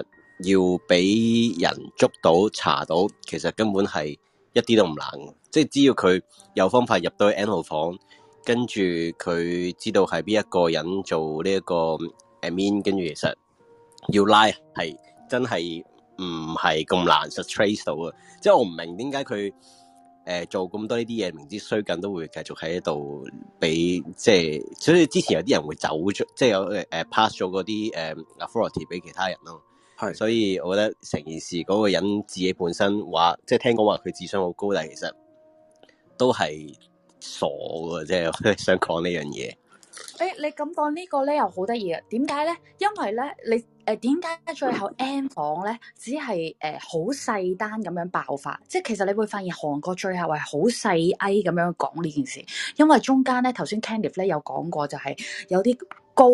要俾人捉到查到，其實根本係。一啲都唔難即係只要佢有方法入到去 N 號房，跟住佢知道係邊一個人做呢一個 admin，跟住其實要拉係真係唔係咁難，實 trace 到啊。即係我唔明點解佢誒做咁多呢啲嘢，明知衰緊都會繼續喺度俾，即係所以之前有啲人會走咗，即係有誒、uh, pass 咗嗰啲誒 authority 俾其他人咯。係，是所以我覺得成件事嗰、那個人自己本身話，即係聽講話佢智商好高，但係其實都係傻嘅，即 *laughs* 係想講呢樣嘢。誒、欸，你咁講呢個咧又好得意啊？點解咧？因為咧，你誒點解最後 N 房咧只係誒好細單咁樣爆發？即係其實你會發現韓國最後係好細 A 咁樣講呢件事，因為中間咧頭先 Kenneth 咧有講過，就係有啲高。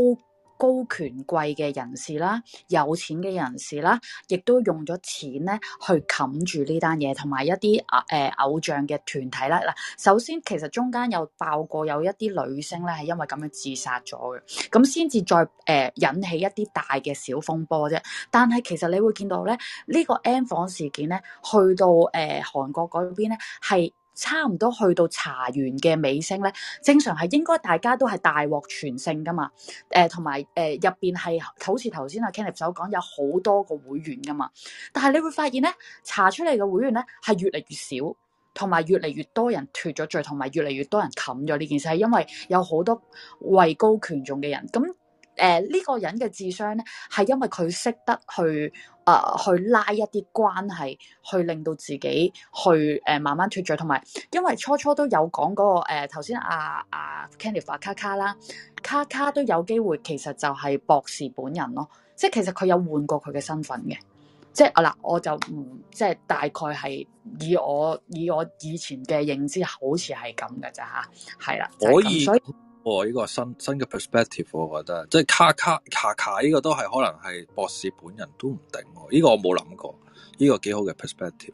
高權貴嘅人士啦，有錢嘅人士啦，亦都用咗錢咧去冚住呢單嘢，同埋一啲誒、呃、偶像嘅團體啦嗱。首先其實中間有爆過有一啲女星咧係因為咁樣自殺咗嘅，咁先至再誒、呃、引起一啲大嘅小風波啫。但係其實你會見到咧，呢、這個 N 房事件咧去到誒、呃、韓國嗰邊咧係。差唔多去到查完嘅尾聲咧，正常係應該大家都係大獲全勝噶嘛。誒同埋誒入邊係好似頭先阿 Candice 所講，有好多個會員噶嘛。但係你會發現咧，查出嚟嘅會員咧係越嚟越少，同埋越嚟越多人脱咗罪，同埋越嚟越多人冚咗呢件事，係因為有好多位高權重嘅人。咁誒呢個人嘅智商咧，係因為佢識得去。啊、呃！去拉一啲關係，去令到自己去誒、呃、慢慢脱罪，同埋因為初初都有講嗰個誒頭先阿阿 Candice 卡卡啦，卡卡都有機會其實就係博士本人咯，即係其實佢有換過佢嘅身份嘅，即係啊嗱，我就唔、嗯、即係大概係以我以我以前嘅認知好，好似係咁嘅咋吓，係啦、就係，所以。喎，呢、哦這個新新嘅 perspective，我覺得即係卡卡卡卡呢、這個都係可能係博士本人都唔定喎。依、這個我冇諗過，呢、這個幾好嘅 perspective。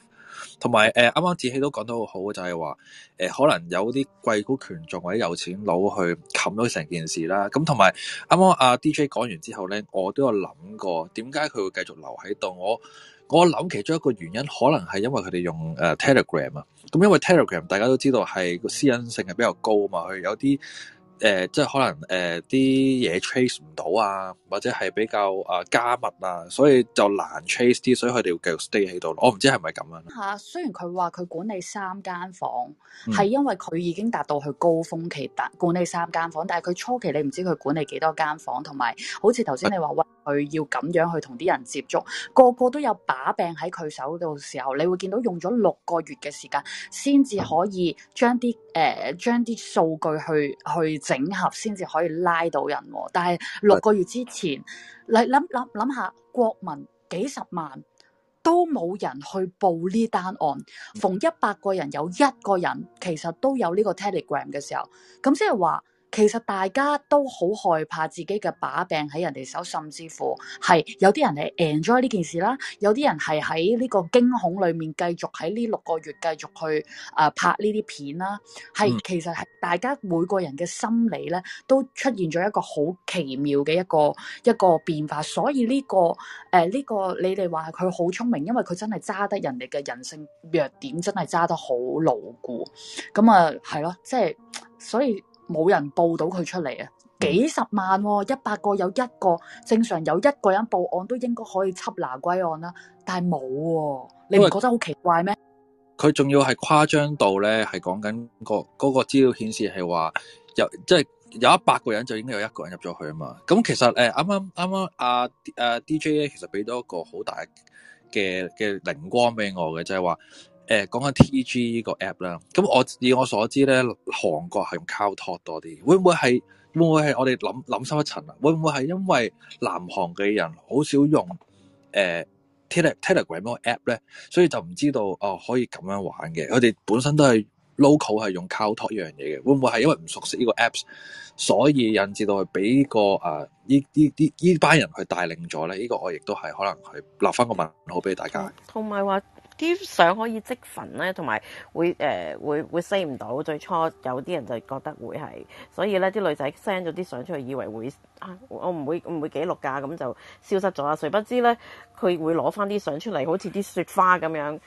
同埋誒，啱啱子希都講得好，就係話誒，可能有啲貴股權重或者有錢佬去冚咗成件事啦。咁同埋啱啱阿 D J 講完之後咧，我都有諗過點解佢會繼續留喺度。我我諗其中一個原因，可能係因為佢哋用誒 Telegram 啊。咁、呃嗯、因為 Telegram 大家都知道係個私隱性係比較高啊嘛，佢有啲。誒、呃，即係可能誒啲嘢 trace 唔到啊，或者係比較啊、呃、加密啊，所以就難 trace 啲，所以佢哋要繼續 stay 喺度。咯。我唔知係咪咁樣。吓，雖然佢話佢管理三間房，係、嗯、因為佢已經達到佢高峰期，達管理三間房。但係佢初期你唔知佢管理幾多間房，同埋好似頭先你話、嗯、喂，佢要咁樣去同啲人接觸，個個都有把柄喺佢手度時候，你會見到用咗六個月嘅時間先至可以將啲誒將啲數據去去。整合先至可以拉到人啊，但係六個月之前嚟，諗諗諗下，國民幾十萬都冇人去報呢單案，逢一百個人有一個人其實都有呢個 Telegram 嘅時候，咁即係話。其實大家都好害怕自己嘅把柄喺人哋手，甚至乎係有啲人係 enjoy 呢件事啦，有啲人係喺呢個驚恐裏面繼續喺呢六個月繼續去誒拍呢啲片啦。係、嗯、其實係大家每個人嘅心理咧都出現咗一個好奇妙嘅一個一個變化，所以呢、呢個誒呢、呃呢個你哋話係佢好聰明，因為佢真係揸得人哋嘅人性弱點，真係揸得好牢固。咁啊係咯，即係所以。冇人報到佢出嚟啊！幾十萬、哦，一百個有一個正常，有一個人報案都應該可以緝拿歸案啦。但係冇、哦，你唔覺得好奇怪咩？佢仲要係誇張到咧，係講緊個嗰個資料顯示係話有，即係有一百個人就應該有一個人入咗去啊嘛。咁其實誒，啱啱啱啱啊誒 DJ 咧，其實俾到、呃啊啊啊、一個好大嘅嘅靈光俾我嘅，就係、是、話。誒講緊 T G 呢個 app 啦，咁我以我所知咧，韓國係用 cowtalk 多啲，會唔會係會唔會係我哋諗諗深一層啊？會唔會係因為南韓嘅人好少用誒、呃、Telegram Te 呢個 app 咧，所以就唔知道哦、呃、可以咁樣玩嘅？佢哋本身都係 local 係用 cowtalk 呢樣嘢嘅，會唔會係因為唔熟悉呢個 apps，所以引致到係俾、呢個啊呢呢呢呢班人去帶領咗咧？呢、呢個我亦都係可能係立翻個問號俾大家，同埋話。啲相可以即焚咧，同埋會誒、呃、會會 send 唔到。最初有啲人就覺得會係，所以咧啲女仔 send 咗啲相出去，以為會啊，我唔會唔會記錄㗎，咁就消失咗啦。誰不知咧，佢會攞翻啲相出嚟，好似啲雪花咁樣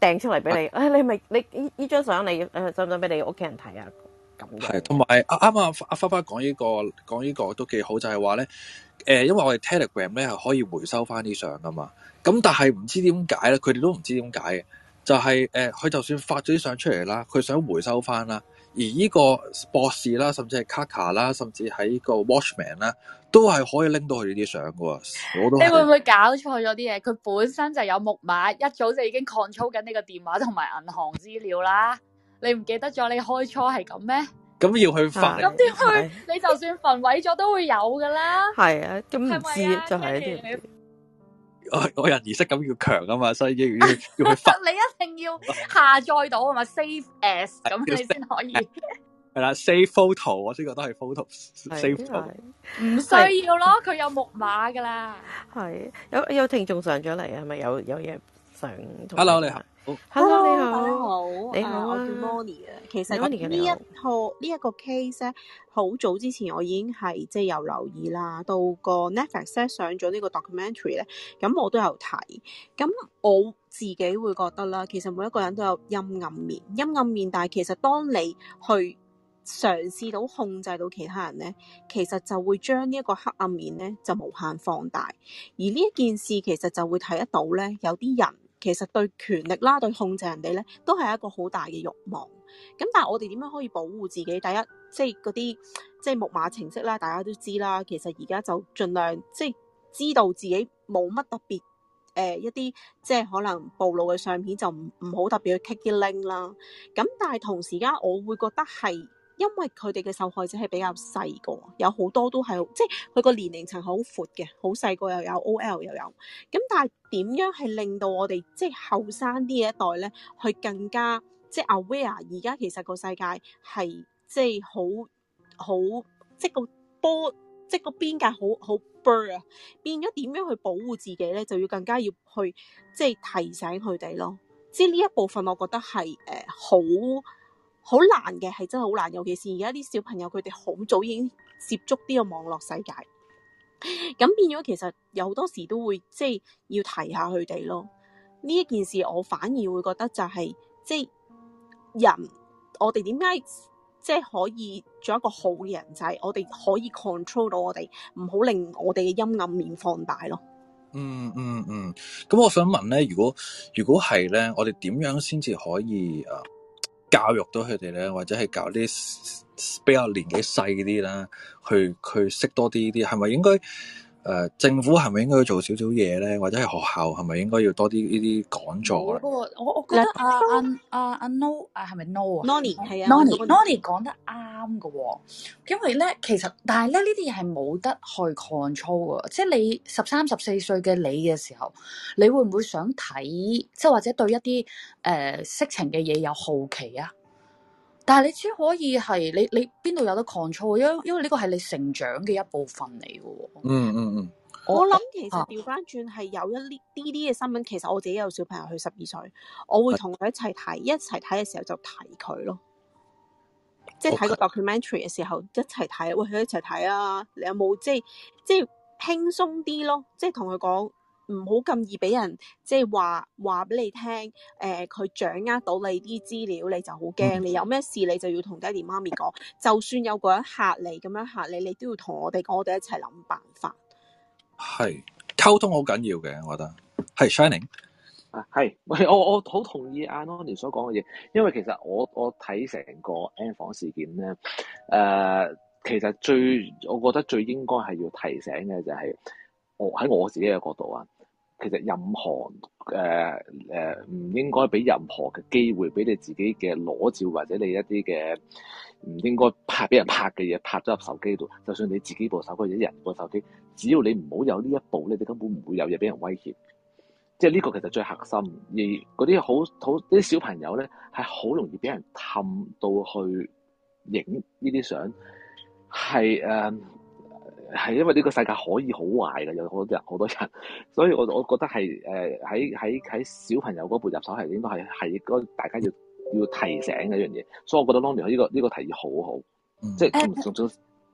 掟出嚟俾你。誒、啊，你咪你呢呢張相你，你誒想唔想俾你屋企人睇啊？咁係同埋啱啱啊，阿花花講呢個講呢個都幾好，就係話咧。誒，因為我哋 Telegram 咧係可以回收翻啲相噶嘛，咁但係唔知點解咧，佢哋都唔知點解嘅，就係、是、誒，佢、呃、就算發咗啲相出嚟啦，佢想回收翻啦，而呢個博士啦，甚至係卡 a 啦，甚至喺個 Watchman 啦，都係可以拎到佢哋啲相噶喎。我你會唔會搞錯咗啲嘢？佢本身就有木馬，一早就已經 control 緊你個電話同埋銀行資料啦。你唔記得咗你開錯係咁咩？咁要去焚，咁點去？你就算焚毀咗，都會有噶啦。係啊，咁唔知是是、啊、就係一條。我人儀式咁要強啊嘛，所以要要要去 *laughs* 你一定要下載到啊嘛，save as 咁你先可以。係啦 save,、uh,，save photo，我呢個覺得係 photo，save 唔需要咯，佢有木馬噶啦。係、啊，有有聽眾上咗嚟啊？係咪有有嘢？有有 Hello，你好。Hello，oh, 你好。你好，我叫 Mony 啊。其實呢一套呢一個 case 咧，好早之前我已經係即係有留意啦。到個 Netflix 咧上咗呢個 documentary 咧，咁我都有睇。咁我自己會覺得啦，其實每一個人都有陰暗面，陰暗面，但係其實當你去嘗試到控制到其他人咧，其實就會將呢一個黑暗面咧就無限放大。而呢一件事其實就會睇得到咧，有啲人。其實對權力啦，對控制人哋咧，都係一個好大嘅慾望。咁但係我哋點樣可以保護自己？第一，即係嗰啲即係木馬程式啦，大家都知啦。其實而家就儘量即係知道自己冇乜特別誒、呃、一啲即係可能暴露嘅相片就，就唔唔好特別去 click 啲 link 啦。咁但係同時間我會覺得係。因為佢哋嘅受害者係比較細個，有好多都係即係佢個年齡層好闊嘅，好細個又有 OL 又有，咁但係點樣係令到我哋即係後生啲一代咧，去更加即係 aware 而家其實個世界係即係好好即個波即個邊界好好 blur 啊，變咗點樣去保護自己咧，就要更加要去即係提醒佢哋咯。即係呢一部分，我覺得係誒好。呃好難嘅，係真係好難，尤其是而家啲小朋友，佢哋好早已經接觸呢個網絡世界，咁變咗其實有好多時都會即係要提下佢哋咯。呢一件事，我反而會覺得就係、是、即係人，我哋點解即係可以做一個好嘅人，就係、是、我哋可以 control 到我哋，唔好令我哋嘅陰暗面放大咯。嗯嗯嗯，咁、嗯嗯、我想問咧，如果如果係咧，我哋點樣先至可以啊？教育到佢哋咧，或者係教啲比較年紀細啲，啦，去去識多啲呢啲，係咪應該？誒、呃，政府係咪應該要做少少嘢咧？或者係學校係咪應該要多啲呢啲講座啊？我我覺得阿阿阿阿 No 係、uh, 咪 No 啊？Nony 係啊，Nony Nony 講得啱嘅、哦，因為咧其實但係咧呢啲嘢係冇得去 control 嘅，即係你十三十四歲嘅你嘅時候，你會唔會想睇即係或者對一啲誒、呃、色情嘅嘢有好奇啊？但係你只可以係你你邊度有得 control？因為因為呢個係你成長嘅一部分嚟嘅、嗯。嗯嗯嗯，我諗其實掉返轉係有一啲啲啲嘅新聞，啊、其實我自己有小朋友去十二歲，我會同佢一齊睇，的一齊睇嘅時候就提佢咯，即係睇個 documentary 嘅時候一齊睇，喂佢一齊睇啊！你有冇即係即係輕鬆啲咯？即係同佢講。唔好咁易俾人即係話話俾你聽，誒、呃，佢掌握到你啲資料，你就好驚。嗯、你有咩事，你就要同爹哋媽咪講。就算有個人嚇你咁樣嚇你，你都要同我哋，我哋一齊諗辦法。係溝通好緊要嘅，我覺得係 Shining 啊，係，我我好同意 Anony 所講嘅嘢，因為其實我我睇成個 N 房事件咧，誒、呃，其實最我覺得最應該係要提醒嘅就係我喺我自己嘅角度啊。其實任何誒誒唔應該俾任何嘅機會俾你自己嘅裸照或者你一啲嘅唔應該拍俾人拍嘅嘢拍咗入手機度，就算你自己部手機，一人部手機，只要你唔好有呢一步咧，你根本唔會有嘢俾人威脅。即係呢個其實最核心，而嗰啲好好啲小朋友咧係好容易俾人氹到去影呢啲相，係誒。呃係，因為呢個世界可以好壞嘅，有好多人好多人，所以我我覺得係誒喺喺喺小朋友嗰部入手係應該係係大家要要提醒嘅一樣嘢，所以我覺得 long 呢、個呢、個提議好好，嗯、即係同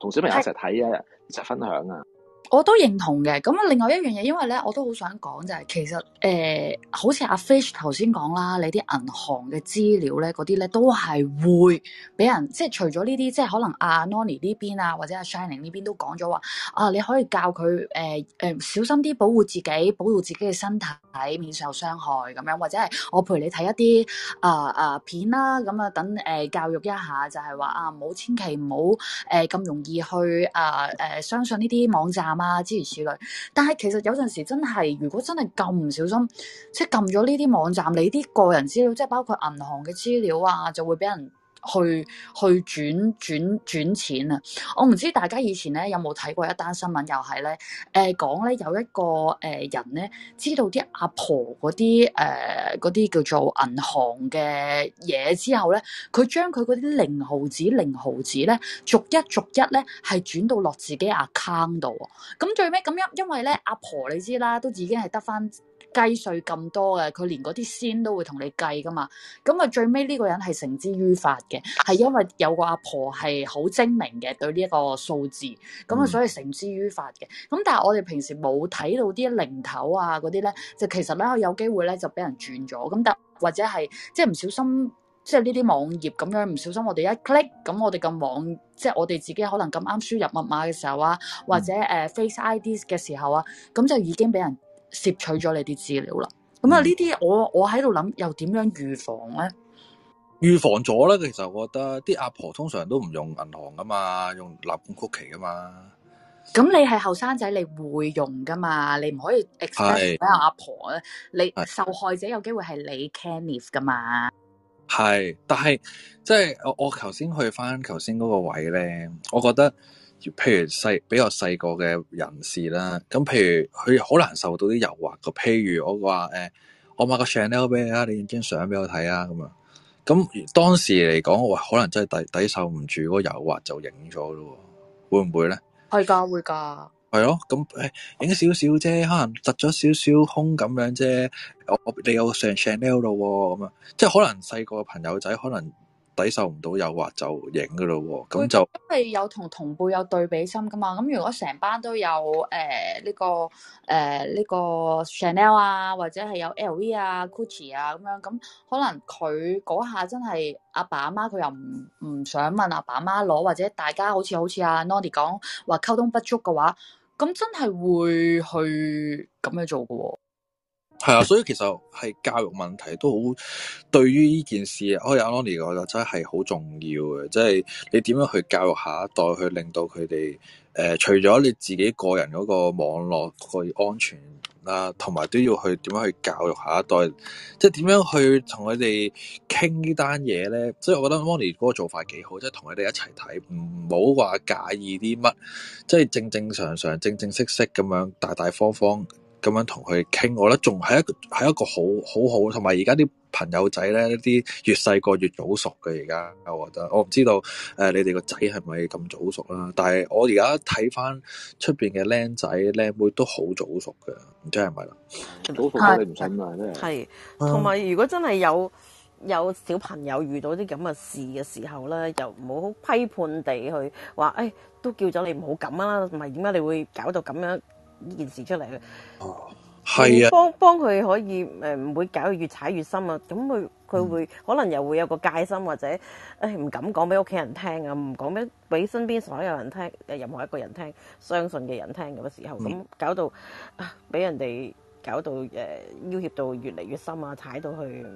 同小朋友一齊睇啊，一齊分享啊。我都認同嘅，咁啊，另外一樣嘢，因為咧，我都好想講就係、是，其實誒、呃，好似阿 Fish 頭先講啦，你啲銀行嘅資料咧，啲咧都係會俾人，即係除咗呢啲，即係可能阿、啊、Nony 呢邊啊，或者阿 Shining 呢邊都講咗話，啊，你可以教佢誒誒小心啲保護自己，保護自己嘅身體免受傷害咁樣，或者係我陪你睇一啲、呃、啊啊片啦，咁啊等誒、呃、教育一下，就係、是、話啊，唔好千祈唔好誒咁容易去啊誒、呃呃、相信呢啲網站。啊，諸如此類。但係其實有陣時真係，如果真係咁唔小心，即係撳咗呢啲網站，你啲個人資料，即係包括銀行嘅資料啊，就會俾人。去去轉轉轉錢啊。我唔知大家以前咧有冇睇過一單新聞？又係咧誒講咧有一個誒、呃、人咧知道啲阿婆嗰啲誒啲叫做銀行嘅嘢之後咧，佢將佢嗰啲零毫子零毫子咧逐一逐一咧係轉到落自己 account 度。咁、嗯、最尾咁樣因因為咧阿婆你知啦，都已經係得翻。計稅咁多嘅，佢連嗰啲先都會同你計㗎嘛。咁啊，最尾呢個人係繩之於法嘅，係因為有個阿婆係好精明嘅對呢一個數字，咁啊，所以繩之於法嘅。咁、嗯、但係我哋平時冇睇到啲零頭啊嗰啲咧，就其實咧有機會咧就俾人轉咗。咁但或者係即係唔小心，即係呢啲網頁咁樣唔小心，我哋一 click，咁我哋嘅網即係我哋自己可能咁啱輸入密碼嘅時候啊，或者誒、uh, face ID 嘅時候啊，咁就已經俾人。攝取咗你啲資料啦，咁啊呢啲我我喺度諗又點樣預防咧？預防咗啦，其實我覺得啲阿婆通常都唔用銀行噶嘛，用立管曲奇噶嘛。咁、嗯、你係後生仔，你會用噶嘛？你唔可以 expect 俾阿婆咧。你是受害者有機會係你 Kenneth 噶嘛？係，但係即係我我頭先去翻頭先嗰個位咧，我覺得。譬如細比較細個嘅人士啦，咁譬如佢好難受到啲誘惑個。譬如我話誒、欸，我買個 Chanel 俾你，你啊，你影張相俾我睇啊咁啊。咁當時嚟講，我話可能真係抵抵受唔住嗰個誘惑就影咗咯，會唔會咧？會㗎，會㗎。係咯，咁影少少啫，可能突咗少少空咁樣啫。我你有成 Chanel 咯、哦，咁啊，即係可能細個嘅朋友仔可能。抵受唔到誘惑就影噶咯喎，咁就因為有同同伴有對比心噶嘛，咁如果成班都有誒呢、呃這個誒呢、呃這個 Chanel 啊，或者係有 LV 啊、Gucci 啊咁樣，咁、嗯、可能佢嗰下真係阿爸阿媽佢又唔唔想問阿爸阿媽攞，或者大家好似好似阿、啊、Nadi 講話溝通不足嘅話，咁真係會去咁樣做噶喎。係啊，所以其實係教育問題都好，對於呢件事，我有阿 Moni 講就真係好重要嘅。即係你點樣去教育下一代，去令到佢哋誒，除咗你自己個人嗰個網絡去安全啦，同埋都要去點樣去教育下一代，即係點樣去同佢哋傾呢單嘢咧。所以我覺得 Moni 嗰個做法幾好，即係同佢哋一齊睇，唔好話介意啲乜，即係正正常常、正正式式咁樣大大方方。咁樣同佢傾，我覺得仲係一個係一個好好好，同埋而家啲朋友仔咧一啲越細個越早熟嘅而家，我覺得我唔知道誒、呃、你哋個仔係咪咁早熟啦？但係我而家睇翻出邊嘅僆仔僆妹都好早熟㗎，唔知係咪啦？早熟都係唔準啊，真係。係同埋如果真係有有小朋友遇到啲咁嘅事嘅時候咧，又唔好批判地去話誒、哎，都叫咗你唔好咁啦，唔係點解你會搞到咁樣？呢件事出嚟嘅，哦，係啊，幫幫佢可以誒唔、呃、會搞到越踩越深啊！咁佢佢會、嗯、可能又會有個戒心，或者誒唔、哎、敢講俾屋企人聽啊，唔講俾俾身邊所有人聽，誒任何一個人聽，相信嘅人聽嘅時候，咁搞到俾、哎、人哋搞到誒、呃、要挾到越嚟越深啊，踩到去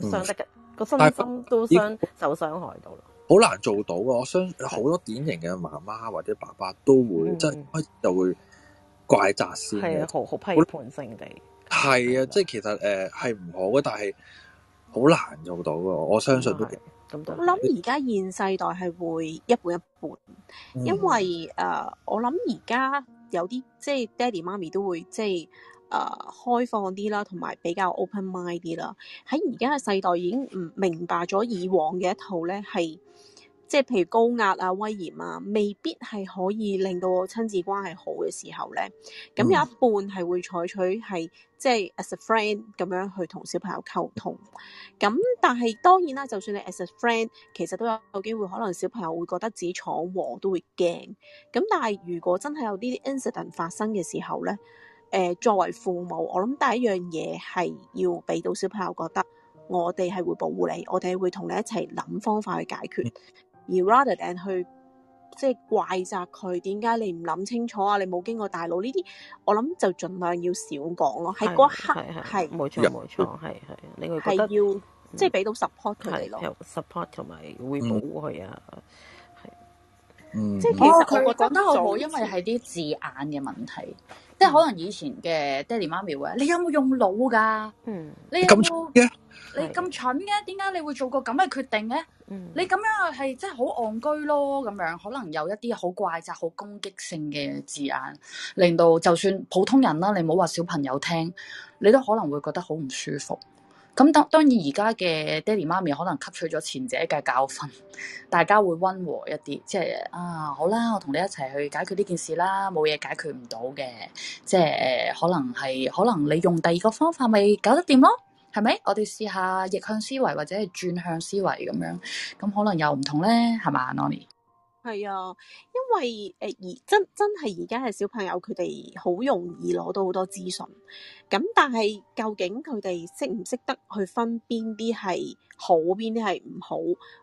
傷得嘅個、嗯、身心都傷要受傷害到啦。好難做到啊！我相好多典型嘅媽媽或者爸爸都會即係又會。怪責先嘅，好好批判性地。係啊，即係其實誒係唔好嘅，但係好難做到嘅。我相信都咁多。我諗而家現世代係會一半一半，嗯、因為誒、呃、我諗而家有啲即係爹哋媽咪都會即係誒、呃、開放啲啦，同埋比較 open mind 啲啦。喺而家嘅世代已經唔明白咗以往嘅一套咧，係。即係譬如高壓啊、威嚴啊，未必係可以令到我親子關係好嘅時候咧。咁有一半係會採取係即係 as a friend 咁樣去同小朋友溝通。咁但係當然啦，就算你 as a friend，其實都有機會可能小朋友會覺得自己闖禍都會驚。咁但係如果真係有呢啲 incident 發生嘅時候咧，誒、呃、作為父母，我諗第一樣嘢係要俾到小朋友覺得我哋係會保護你，我哋會同你一齊諗方法去解決。而 rather than 去即係怪責佢，點解你唔諗清楚啊？你冇經過大腦呢啲，我諗就盡量要少講咯。喺嗰的一刻，係冇錯冇錯，係係、嗯。你會覺得係要即係俾到 support 佢哋咯，support 同埋會保護佢啊。係、嗯，即係、嗯、其實佢覺得好好，因為係啲字眼嘅問題，嗯、即係可能以前嘅爹哋媽咪會話你有冇用腦噶？嗯，咁粗嘅。你咁蠢嘅，點解你會做個咁嘅決定呢？嗯、你咁樣係真係好戇居咯，咁樣可能有一啲好怪責、好攻擊性嘅字眼，令到就算普通人啦，你唔好話小朋友聽，你都可能會覺得好唔舒服。咁當當然而家嘅爹哋媽咪可能吸取咗前者嘅教訓，大家會溫和一啲，即係啊好啦，我同你一齊去解決呢件事啦，冇嘢解決唔到嘅，即係可能係可能你用第二個方法咪搞得掂咯。係咪？我哋試下逆向思維或者係轉向思維咁樣，咁可能又唔同咧，係嘛，Nony？係啊，因為誒而、呃、真真係而家係小朋友，佢哋好容易攞到好多資訊，咁但係究竟佢哋識唔識得去分邊啲係好，邊啲係唔好，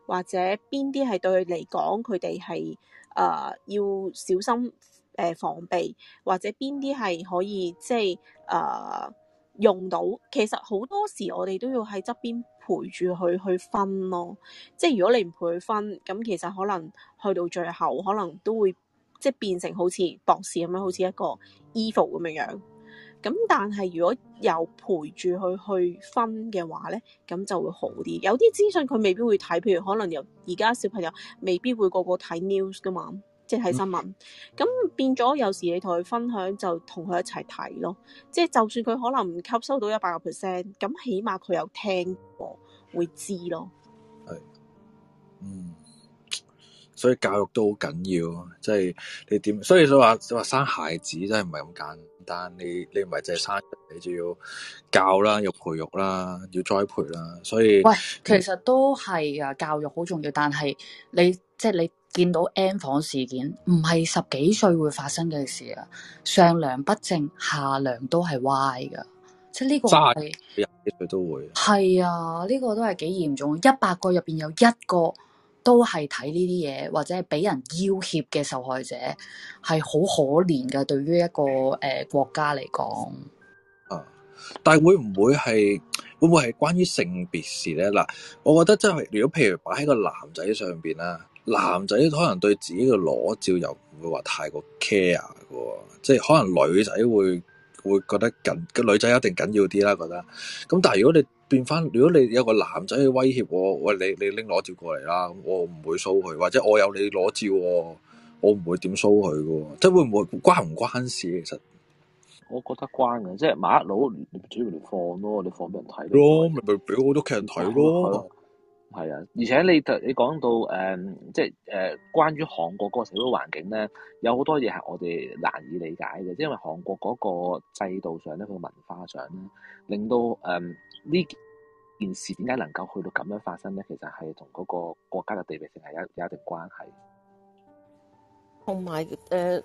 或者邊啲係對佢嚟講，佢哋係誒要小心誒、呃、防備，或者邊啲係可以即係誒。呃用到其實好多時，我哋都要喺側邊陪住佢去分咯。即係如果你唔陪佢分，咁其實可能去到最後，可能都會即係變成好似博士咁樣，好似一個 evil 咁樣樣。咁但係如果有陪住佢去分嘅話咧，咁就會好啲。有啲資訊佢未必會睇，譬如可能又而家小朋友未必會個個睇 news 噶嘛。即係睇新聞，咁、嗯、變咗有時你同佢分享，就同佢一齊睇咯。即係就算佢可能唔吸收到一百個 percent，咁起碼佢有聽過，會知咯。係，嗯，所以教育都好緊要啊！即、就、係、是、你點？所以你話你話生孩子真係唔係咁簡單。你你唔係淨係生，你就要教啦，要培育啦，要栽培啦。所以，喂，其實都係啊，嗯、教育好重要。但係你即係你。就是你見到 N 房事件唔係十幾歲會發生嘅事啊！上梁不正下梁都係歪噶，即係呢個係廿幾歲都會係啊。呢、這個都係幾嚴重，一百個入邊有一個都係睇呢啲嘢，或者係俾人要挾嘅受害者，係好可憐噶。對於一個誒、呃、國家嚟講啊，但係會唔會係會唔會係關於性別事咧？嗱、啊，我覺得真、就、係、是、如果譬如擺喺個男仔上邊啦。男仔可能對自己嘅裸照又唔會話太過 care 嘅喎，即係可能女仔會會覺得緊，個女仔一定緊要啲啦，覺得。咁但係如果你變翻，如果你有個男仔去威脅我，喂，你你拎裸照過嚟啦，我唔會 show 佢，或者我有你裸照，我唔會點 show 佢嘅，即係會唔會關唔關事、啊？其實我覺得關嘅，即係萬一佬主要你放咯，你放俾人睇咯，咪俾好多劇人睇咯。嗯嗯嗯嗯係啊，而且你就你講到誒、呃，即係誒、呃，關於韓國嗰個社會環境咧，有好多嘢係我哋難以理解嘅，即因為韓國嗰個制度上咧，佢文化上咧，令到誒呢、呃、件事點解能夠去到咁樣發生咧？其實係同嗰個國家嘅地域性係有一有一定關係。同埋誒。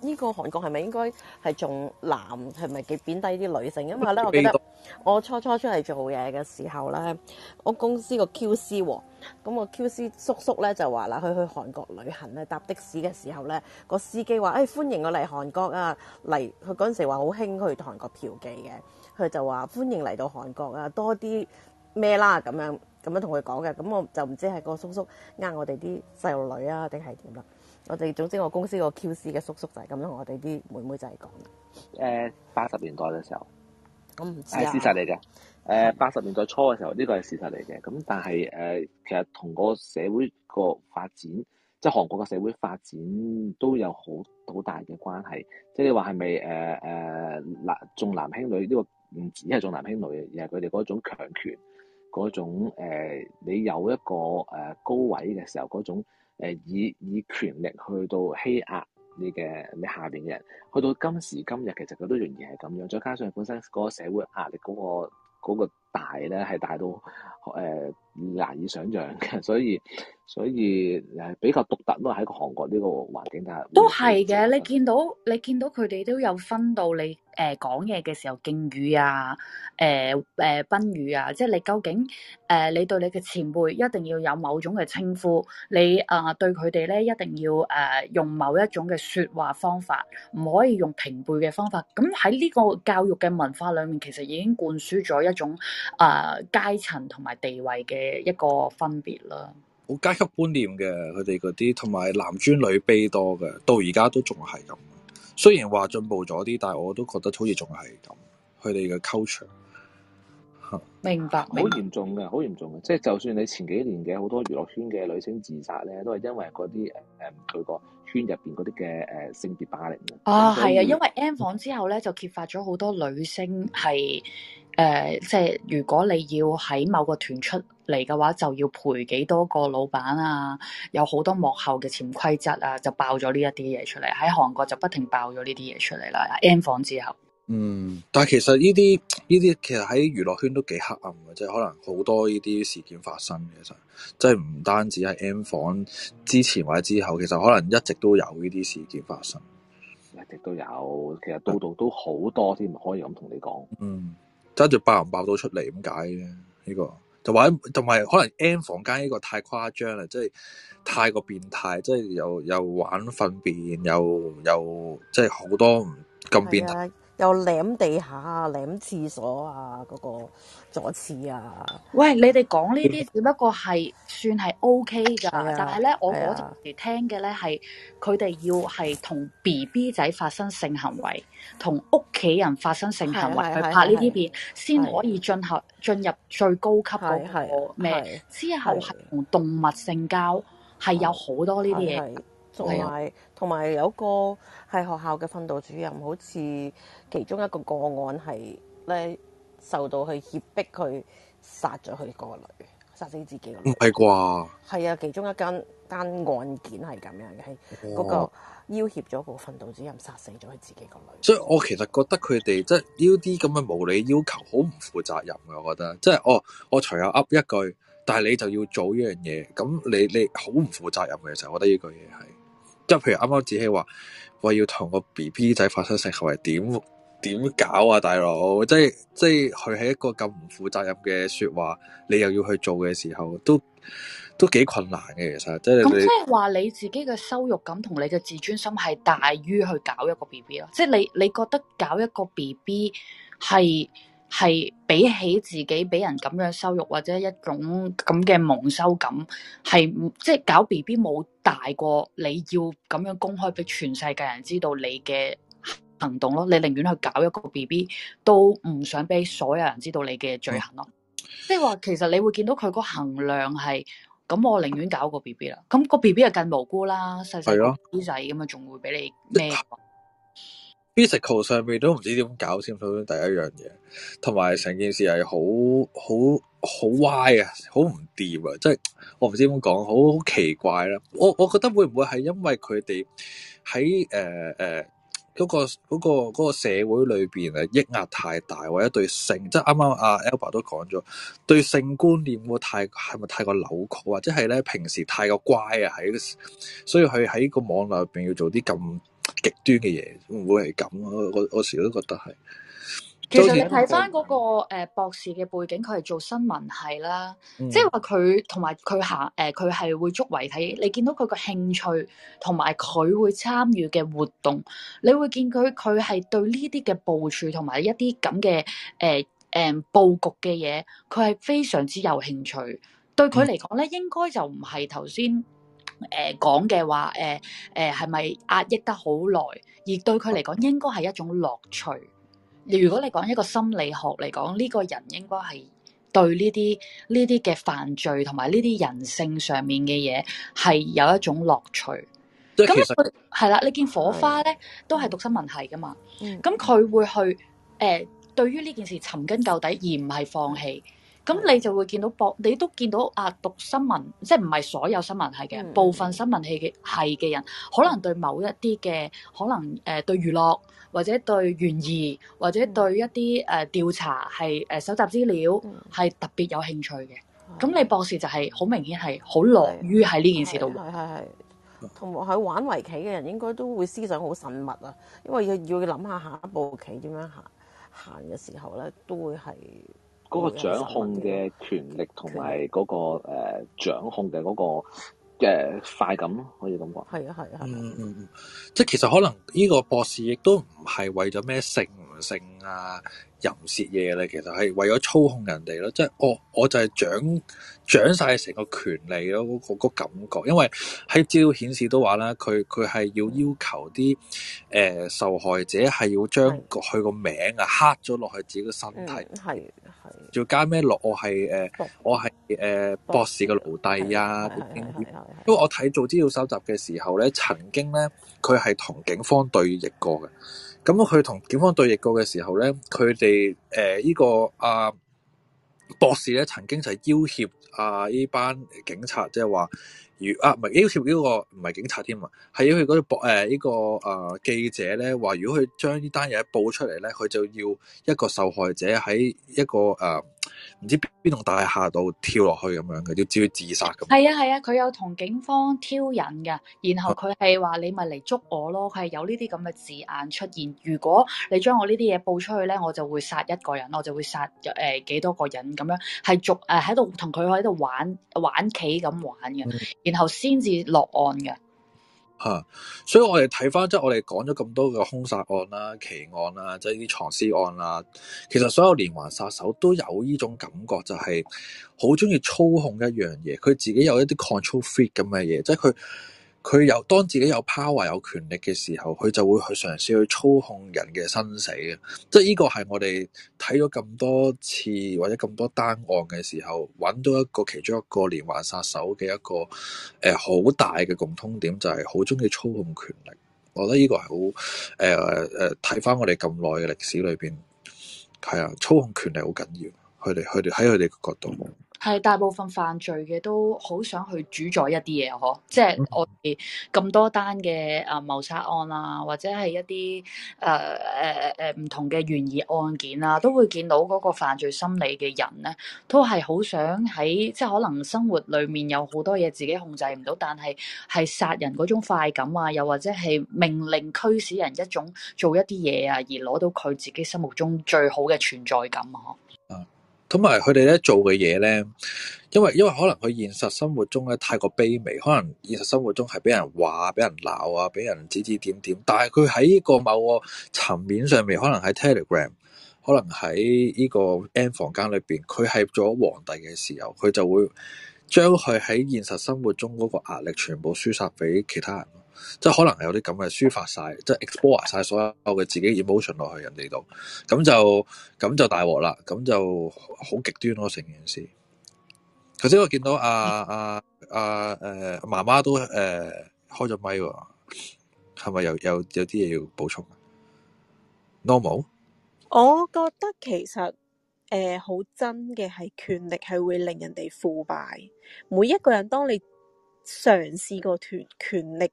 呢個韓國係咪應該係仲男係咪幾貶低啲女性？因為咧，我記得我初初出嚟做嘢嘅時候咧，我公司 C, 個 QC 喎，咁我 QC 叔叔咧就話啦，佢去韓國旅行咧搭的士嘅時候咧，個司機話：，誒、哎、歡迎我嚟韓國啊，嚟佢嗰陣時話好興去韓國嫖妓嘅，佢就話歡迎嚟到韓國啊，多啲咩啦咁樣咁樣同佢講嘅，咁我就唔知係個叔叔呃我哋啲細路女啊定係點啦。我哋總之，我公司個 Q.C 嘅叔叔就係咁樣，我哋啲妹妹就係講誒八十年代嘅時候，咁唔知係事實嚟嘅。誒八十年代初嘅時候，呢個係事實嚟嘅。咁但係誒、呃，其實同個社會個發展，即係韓國嘅社會發展都有好好大嘅關係。即係你話係咪誒誒男重男輕女呢、呢個唔止係重男輕女，而係佢哋嗰種強權嗰種、呃、你有一個誒高位嘅時候嗰種。誒以以權力去到欺壓你嘅你下邊嘅人，去到今時今日其實佢都仍然係咁樣。再加上本身嗰個社會壓力嗰、那個嗰個嗰個大咧係大到誒、呃、難以想像嘅，所以所以誒比較獨特咯，喺個韓國呢個環境下都係嘅。你見到你見到佢哋都有分到你誒、呃、講嘢嘅時候敬語啊，誒、呃、誒、呃、賓語啊，即係你究竟誒、呃、你對你嘅前輩一定要有某種嘅稱呼，你啊、呃、對佢哋咧一定要誒、呃、用某一種嘅説話方法，唔可以用平輩嘅方法。咁喺呢個教育嘅文化裏面，其實已經灌輸咗一種。誒，uh, 階層同埋地位嘅一個分別啦，好階級觀念嘅，佢哋嗰啲同埋男尊女卑多嘅，到而家都仲係咁。雖然話進步咗啲，但係我都覺得好似仲係咁，佢哋嘅 culture 明白，好嚴重嘅，好嚴重嘅，即係就算你前幾年嘅好多娛樂圈嘅女星自殺咧，都係因為嗰啲誒誒佢個圈入邊嗰啲嘅誒性別霸凌啊，係啊以，因為 N 房之後咧就揭發咗好多女星係誒，即、呃、係、就係、如果你要喺某個團出嚟嘅話，就要陪幾多個老闆啊，有好多幕後嘅潛規則啊，就爆咗呢一啲嘢出嚟，喺韓國就不停爆咗呢啲嘢出嚟啦，N 房之後。嗯，但係其實呢啲呢啲其實喺娛樂圈都幾黑暗嘅，即係可能好多呢啲事件發生嘅，其實即係唔單止係 N 房之前或者之後，其實可能一直都有呢啲事件發生，一直都有，其實度度都好多添，可以咁同你講。嗯，揸住爆唔爆到出嚟咁解啫，呢、這個就話，同埋可能 N 房間呢個太誇張啦，即係太過變態，即係又又玩糞便，又又即係好多唔咁變態。又舐地下，舐廁所啊，嗰個左廁啊。喂，你哋講呢啲只不過係算係 OK 㗎，但係咧，我嗰陣時聽嘅咧係佢哋要係同 BB 仔發生性行為，同屋企人發生性行為去拍呢啲片，先可以進行進入最高級嗰個咩？之後係同動物性交，係有好多呢啲嘢，同埋同埋有個。係學校嘅訓導主任，好似其中一個個案係咧，受到去脅迫，佢殺咗佢個女，殺死自己個女。唔係啩？係啊，其中一間單案件係咁樣嘅，係嗰哇個要挾咗個訓導主任，殺死咗佢自己個女。所以我其實覺得佢哋即係呢啲咁嘅無理要求，好唔負責任嘅。我覺得即係、即係哦、我我隨口噏一句，但係你就要做呢樣嘢，咁你你好唔負責任嘅。其實我覺得呢句嘢係，即係譬如啱啱子希話。我要同個 BB 仔發生性行為點點搞啊，大佬！即係即係佢係一個咁唔負責任嘅說話，你又要去做嘅時候，都都幾困難嘅。其實即係咁，即係話你自己嘅羞辱感同你嘅自尊心係大於去搞一個 BB 咯。即係你你覺得搞一個 BB 係。係比起自己俾人咁樣羞辱，或者一種咁嘅蒙羞感，係即係搞 B B 冇大過你要咁樣公開俾全世界人知道你嘅行動咯，你寧願去搞一個 B B 都唔想俾所有人知道你嘅罪行咯。哦、即係話其實你會見到佢個衡量係，咁我寧願搞個 B B 啦，咁個 B B 就更無辜啦，細細仔咁啊，仲的會俾你咩？嗯嗯 physical 上面都唔知點搞先，首先第一樣嘢，同埋成件事係好好好歪啊，好唔掂啊，即係我唔知點講，好好奇怪啦、啊。我我覺得會唔會係因為佢哋喺誒誒嗰個、嗰個、嗰個社會裏邊啊，抑壓太大，或者對性，即係啱啱阿 Albert 都講咗，對性觀念會太係咪太過扭曲啊？即係咧平時太過乖啊，喺所以佢喺個網絡入邊要做啲咁。極端嘅嘢，會唔會係咁啊？我我時都覺得係。其實你睇翻嗰個誒博士嘅背景，佢係做新聞係啦，嗯、即係話佢同埋佢行誒，佢係會捉維睇。你見到佢個興趣同埋佢會參與嘅活動，你會見佢佢係對呢啲嘅部署同埋一啲咁嘅誒誒布局嘅嘢，佢係非常之有興趣。對佢嚟講咧，嗯、應該就唔係頭先。誒，講嘅、呃、話，誒、呃，誒、呃，係咪壓抑得好耐？而對佢嚟講，應該係一種樂趣。如果你講一個心理學嚟講，呢、這個人應該係對呢啲呢啲嘅犯罪同埋呢啲人性上面嘅嘢係有一種樂趣。咁其實 他，係啦，你見火花咧都係讀新聞系㗎嘛？咁佢、嗯、會去誒、呃，對於呢件事尋根究底而，而唔係放棄。咁你就會見到博，你都見到啊讀新聞，即係唔係所有新聞系嘅部分新聞系嘅係嘅人，可能對某一啲嘅可能誒對娛樂或者對懸疑或者對一啲誒、啊、調查係誒蒐集資料係特別有興趣嘅。咁你博士就係、係、好明顯係好樂於喺呢件事度。係係係，同埋喺玩圍棋嘅人應該都會思想好慎密啊，因為要要諗下下一步棋點樣行行嘅時候咧，都會係。個掌控嘅權力同埋、那個誒、呃、掌控嘅、那個個嘅、呃、快感咯，可以咁講。係啊係啊，係嗯嗯嗯，即係其實可能呢個博士亦都唔係為咗咩性性啊，淫邪嘢咧，其實係為咗操控人哋咯，即係我、哦、我就係掌掌晒成個權利咯，嗰、嗰個感覺。因為喺資料顯示都話啦，佢佢係要要求啲誒、呃、受害者係要將佢個名啊刻咗落去自己嘅身體，係係。仲加咩落？我係誒，我係誒博、呃、博士嘅奴隸啊！因為我睇做資料搜集嘅時候咧，曾經咧佢係同警方對弈過嘅。咁佢同警方對弈過嘅時候咧，佢哋誒呢個阿、啊、博士咧曾經就係要挾啊呢班警察，即係話如、啊唔係要挾呢、這個唔係警察添啊，係要佢嗰個博誒呢個啊記者咧話，如果佢將呢單嘢報出嚟咧，佢就要一個受害者喺一個誒。呃唔知邊棟大廈度跳落去咁樣嘅，要至於自殺咁。係啊係啊，佢、啊、有同警方挑釁㗎，然後佢係話你咪嚟捉我咯，佢係有呢啲咁嘅字眼出現。如果你將我呢啲嘢報出去咧，我就會殺一個人，我就會殺誒、呃、幾多個人咁樣，係逐誒喺度同佢喺度玩玩棋咁玩嘅，然後先至落案嘅。嗯吓，所以我哋睇翻，即係我哋講咗咁多嘅兇殺案啦、奇案啦，即係啲藏屍案啦。其實所有連環殺手都有呢種感覺，就係好中意操控一樣嘢，佢自己有一啲 control feed 咁嘅嘢，即係佢。佢有當自己有 power 有權力嘅時候，佢就會去嘗試去操控人嘅生死嘅，即係呢個係我哋睇咗咁多次或者咁多單案嘅時候，揾到一個其中一個連環殺手嘅一個誒好、呃、大嘅共通點，就係好中意操控權力。我覺得呢個係好誒誒睇翻我哋咁耐嘅歷史裏邊，係啊，操控權力好緊要。佢哋佢哋喺佢哋嘅角度。係大部分犯罪嘅都好想去主宰一啲嘢，嗬！即係我哋咁多單嘅誒謀殺案啊，或者係一啲誒誒誒唔同嘅懸疑案件啊，都會見到嗰個犯罪心理嘅人咧，都係好想喺即係可能生活裡面有好多嘢自己控制唔到，但係係殺人嗰種快感啊，又或者係命令驅使人一種做一啲嘢啊，而攞到佢自己心目中最好嘅存在感，啊。咁啊，佢哋咧做嘅嘢咧，因為因為可能佢現實生活中咧太過卑微，可能現實生活中係俾人話俾人鬧啊、俾人指指點點，但係佢喺依個某個層面上面，可能喺 Telegram，可能喺呢個 N 房間裏邊，佢係做咗皇帝嘅時候，佢就會將佢喺現實生活中個壓力全部輸晒俾其他人。即係可能有啲咁嘅抒發晒，即係 explore 晒所有嘅自己 emotion 落去人哋度，咁就咁就大鑊啦，咁就好極端咯，成件事。頭先我見到阿阿阿誒媽媽都誒、啊、開咗咪，係咪有有有啲嘢要補充？Normal，我覺得其實誒好、呃、真嘅係權力係會令人哋腐敗，每一個人當你。嘗試個權權力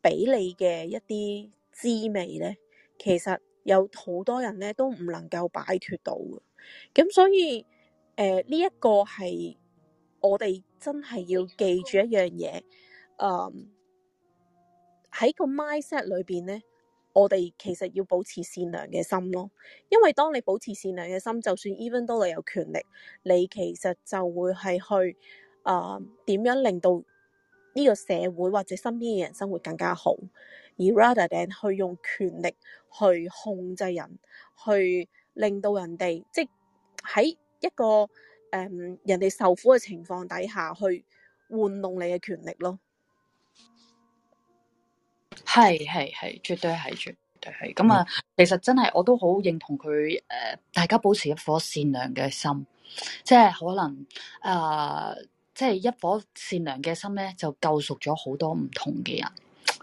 俾你嘅一啲滋味咧，其實有好多人咧都唔能夠擺脫到嘅，咁所以誒呢一個係我哋真係要記住一樣嘢，誒、呃、喺個 mindset 裏邊咧，我哋其實要保持善良嘅心咯，因為當你保持善良嘅心，就算 even 都你有權力，你其實就會係去誒、呃、點樣令到。呢個社會或者身邊嘅人生活更加好，而 rather than 去用權力去控制人，去令到人哋即係喺一個誒、呃、人哋受苦嘅情況底下去玩弄你嘅權力咯。係係係，絕對係絕對係。咁啊、嗯，其實真係我都好認同佢誒、呃，大家保持一顆善良嘅心，即係可能誒。呃即係一顆善良嘅心咧，就救贖咗好多唔同嘅人，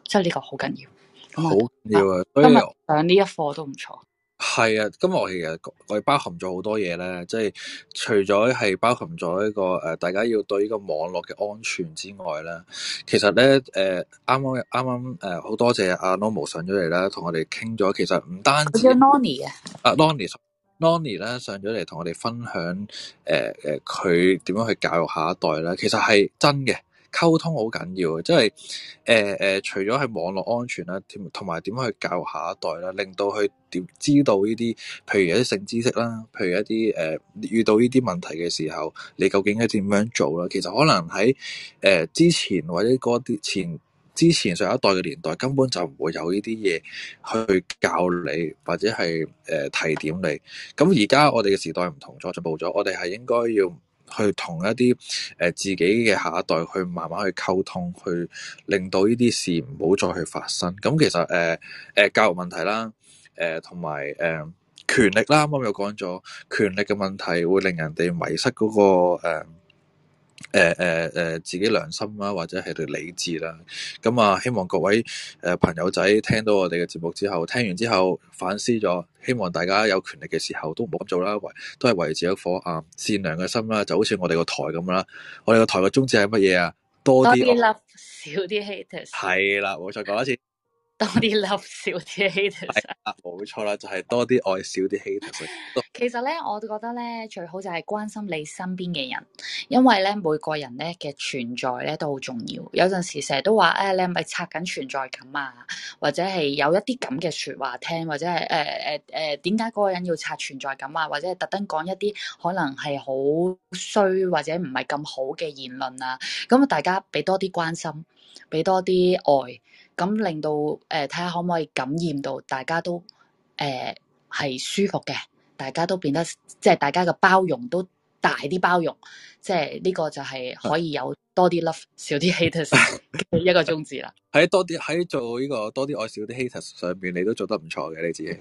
即係呢個好緊要。好、嗯、緊要啊！所以今日上呢一課都唔錯。係啊，今日其實我哋包含咗好多嘢咧，即係除咗係包含咗一個誒，大家要對呢個網絡嘅安全之外咧，其實咧誒，啱啱啱啱誒，好、呃、多謝阿、啊、Normo 上咗嚟啦，同我哋傾咗。其實唔單止，叫 Nony 啊，阿 Nony、啊。Nony 咧上咗嚟同我哋分享，誒、呃、誒，佢點樣去教育下一代咧？其實係真嘅，溝通好緊要嘅，即係誒誒，除咗係網絡安全啦，同埋點樣去教育下一代啦，令到佢點知道呢啲，譬如一啲性知識啦，譬如一啲誒、呃、遇到呢啲問題嘅時候，你究竟應該點樣做啦？其實可能喺誒、呃、之前或者嗰啲前。之前上一代嘅年代根本就唔會有呢啲嘢去教你或者係誒、呃、提點你。咁而家我哋嘅時代唔同咗，進步咗。我哋係應該要去同一啲誒、呃、自己嘅下一代去慢慢去溝通，去令到呢啲事唔好再去發生。咁其實誒誒、呃呃、教育問題啦，誒同埋誒權力啦，啱啱又講咗權力嘅問題會令人哋迷失嗰、那個、呃。誒誒誒，自己良心啦，或者係對理智啦，咁、嗯、啊，希望各位誒朋友仔聽到我哋嘅節目之後，聽完之後反思咗，希望大家有權力嘅時候都唔好咁做啦，維都係維持一顆啊善良嘅心啦，就好似我哋個台咁啦，我哋個台嘅宗旨係乜嘢啊？多啲 Love，少啲 Hate 係啦，冇錯，再講一次。 *laughs* 多啲 love，少啲 hater *laughs* 係啊，冇錯啦，就係、是、多啲愛，少啲 hater *laughs* 其實咧，我覺得咧，最好就係關心你身邊嘅人，因為咧，每個人咧嘅存在咧都好重要。有陣時成日都話，誒、哎，你係咪拆緊存在感啊，或者係有一啲咁嘅說話聽，或者係誒誒誒，點解嗰個人要拆存在感啊？或者係特登講一啲可能係好衰或者唔係咁好嘅言論啊？咁啊，大家俾多啲關心，俾多啲愛。咁令到誒睇下可唔可以感染到大家都誒係、呃、舒服嘅，大家都變得即係大家嘅包容都大啲包容，即係呢個就係可以有多啲 love *laughs* 少啲 haters 嘅一個宗旨啦。喺 *laughs* 多啲喺做呢、呢個多啲愛少啲 haters 上邊，你都做得唔錯嘅，你自己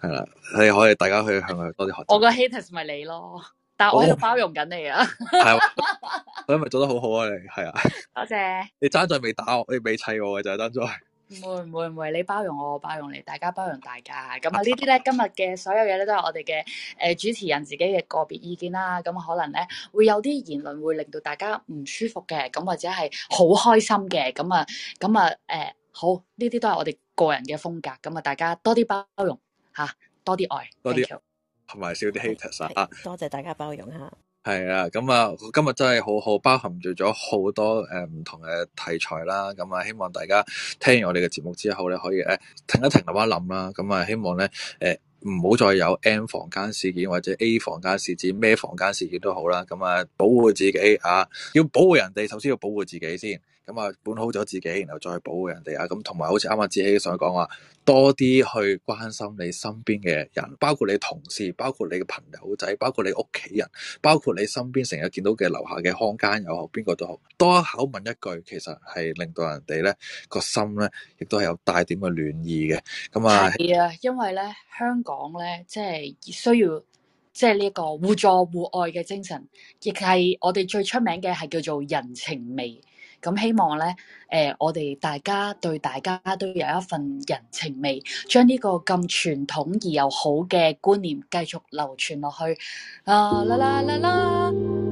係啦，你可以大家去向佢多啲學習。我個 haters 咪你咯。我喺度包容緊你啊！係，我因為做得好好啊，你係啊，多謝。你爭在未打我，你未砌我嘅就係爭在。唔會唔會唔會，你包容我，我包容你，大家包容大家。咁、嗯、啊，呢啲咧今日嘅所有嘢咧都係我哋嘅誒主持人自己嘅個別意見啦。咁、嗯、可能咧會有啲言論會令到大家唔舒服嘅，咁或者係好開心嘅。咁、嗯、啊，咁、嗯、啊，誒、嗯嗯，好，呢啲都係我哋個人嘅風格。咁、嗯、啊，大家多啲包容吓，多啲愛。多啲同埋少啲 haters 啊！多謝大家包容下係啊，咁啊，今日真係好好，包含住咗好多誒唔同嘅題材啦。咁啊，希望大家聽完我哋嘅節目之後咧，可以咧停一停，諗一諗啦。咁啊，希望咧誒唔好再有 N 房間事件或者 A 房間事件，咩房間事件都好啦。咁啊，保護自己啊，要保護人哋，首先要保護自己先。咁啊，管好咗自己，然後再保護人哋啊。咁同埋，好似啱啱志希想講話，多啲去關心你身邊嘅人，包括你同事，包括你嘅朋友仔，包括你屋企人，包括你身邊成日見到嘅樓下嘅巷間有邊個都好，多一口問一句，其實係令到人哋咧個心咧，亦都係有帶點嘅暖意嘅。咁啊，係啊，因為咧香港咧，即係需要即係呢一個互助互愛嘅精神，亦係我哋最出名嘅係叫做人情味。咁希望呢，誒、呃，我哋大家對大家都有一份人情味，將呢個咁傳統而又好嘅觀念繼續流傳落去啊。啦啦啦啦。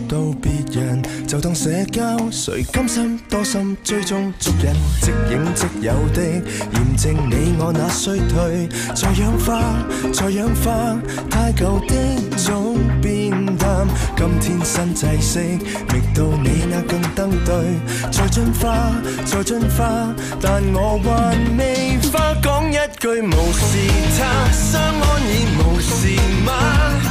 到別人就當社交，誰甘心多心追蹤捉人，即影即有的驗證你我那衰退，再氧化，再氧化，化，太舊的總變淡。今天新制式覓到你那更登對，再進化，再進化，但我還未化講一句無事他，相安已無事嗎？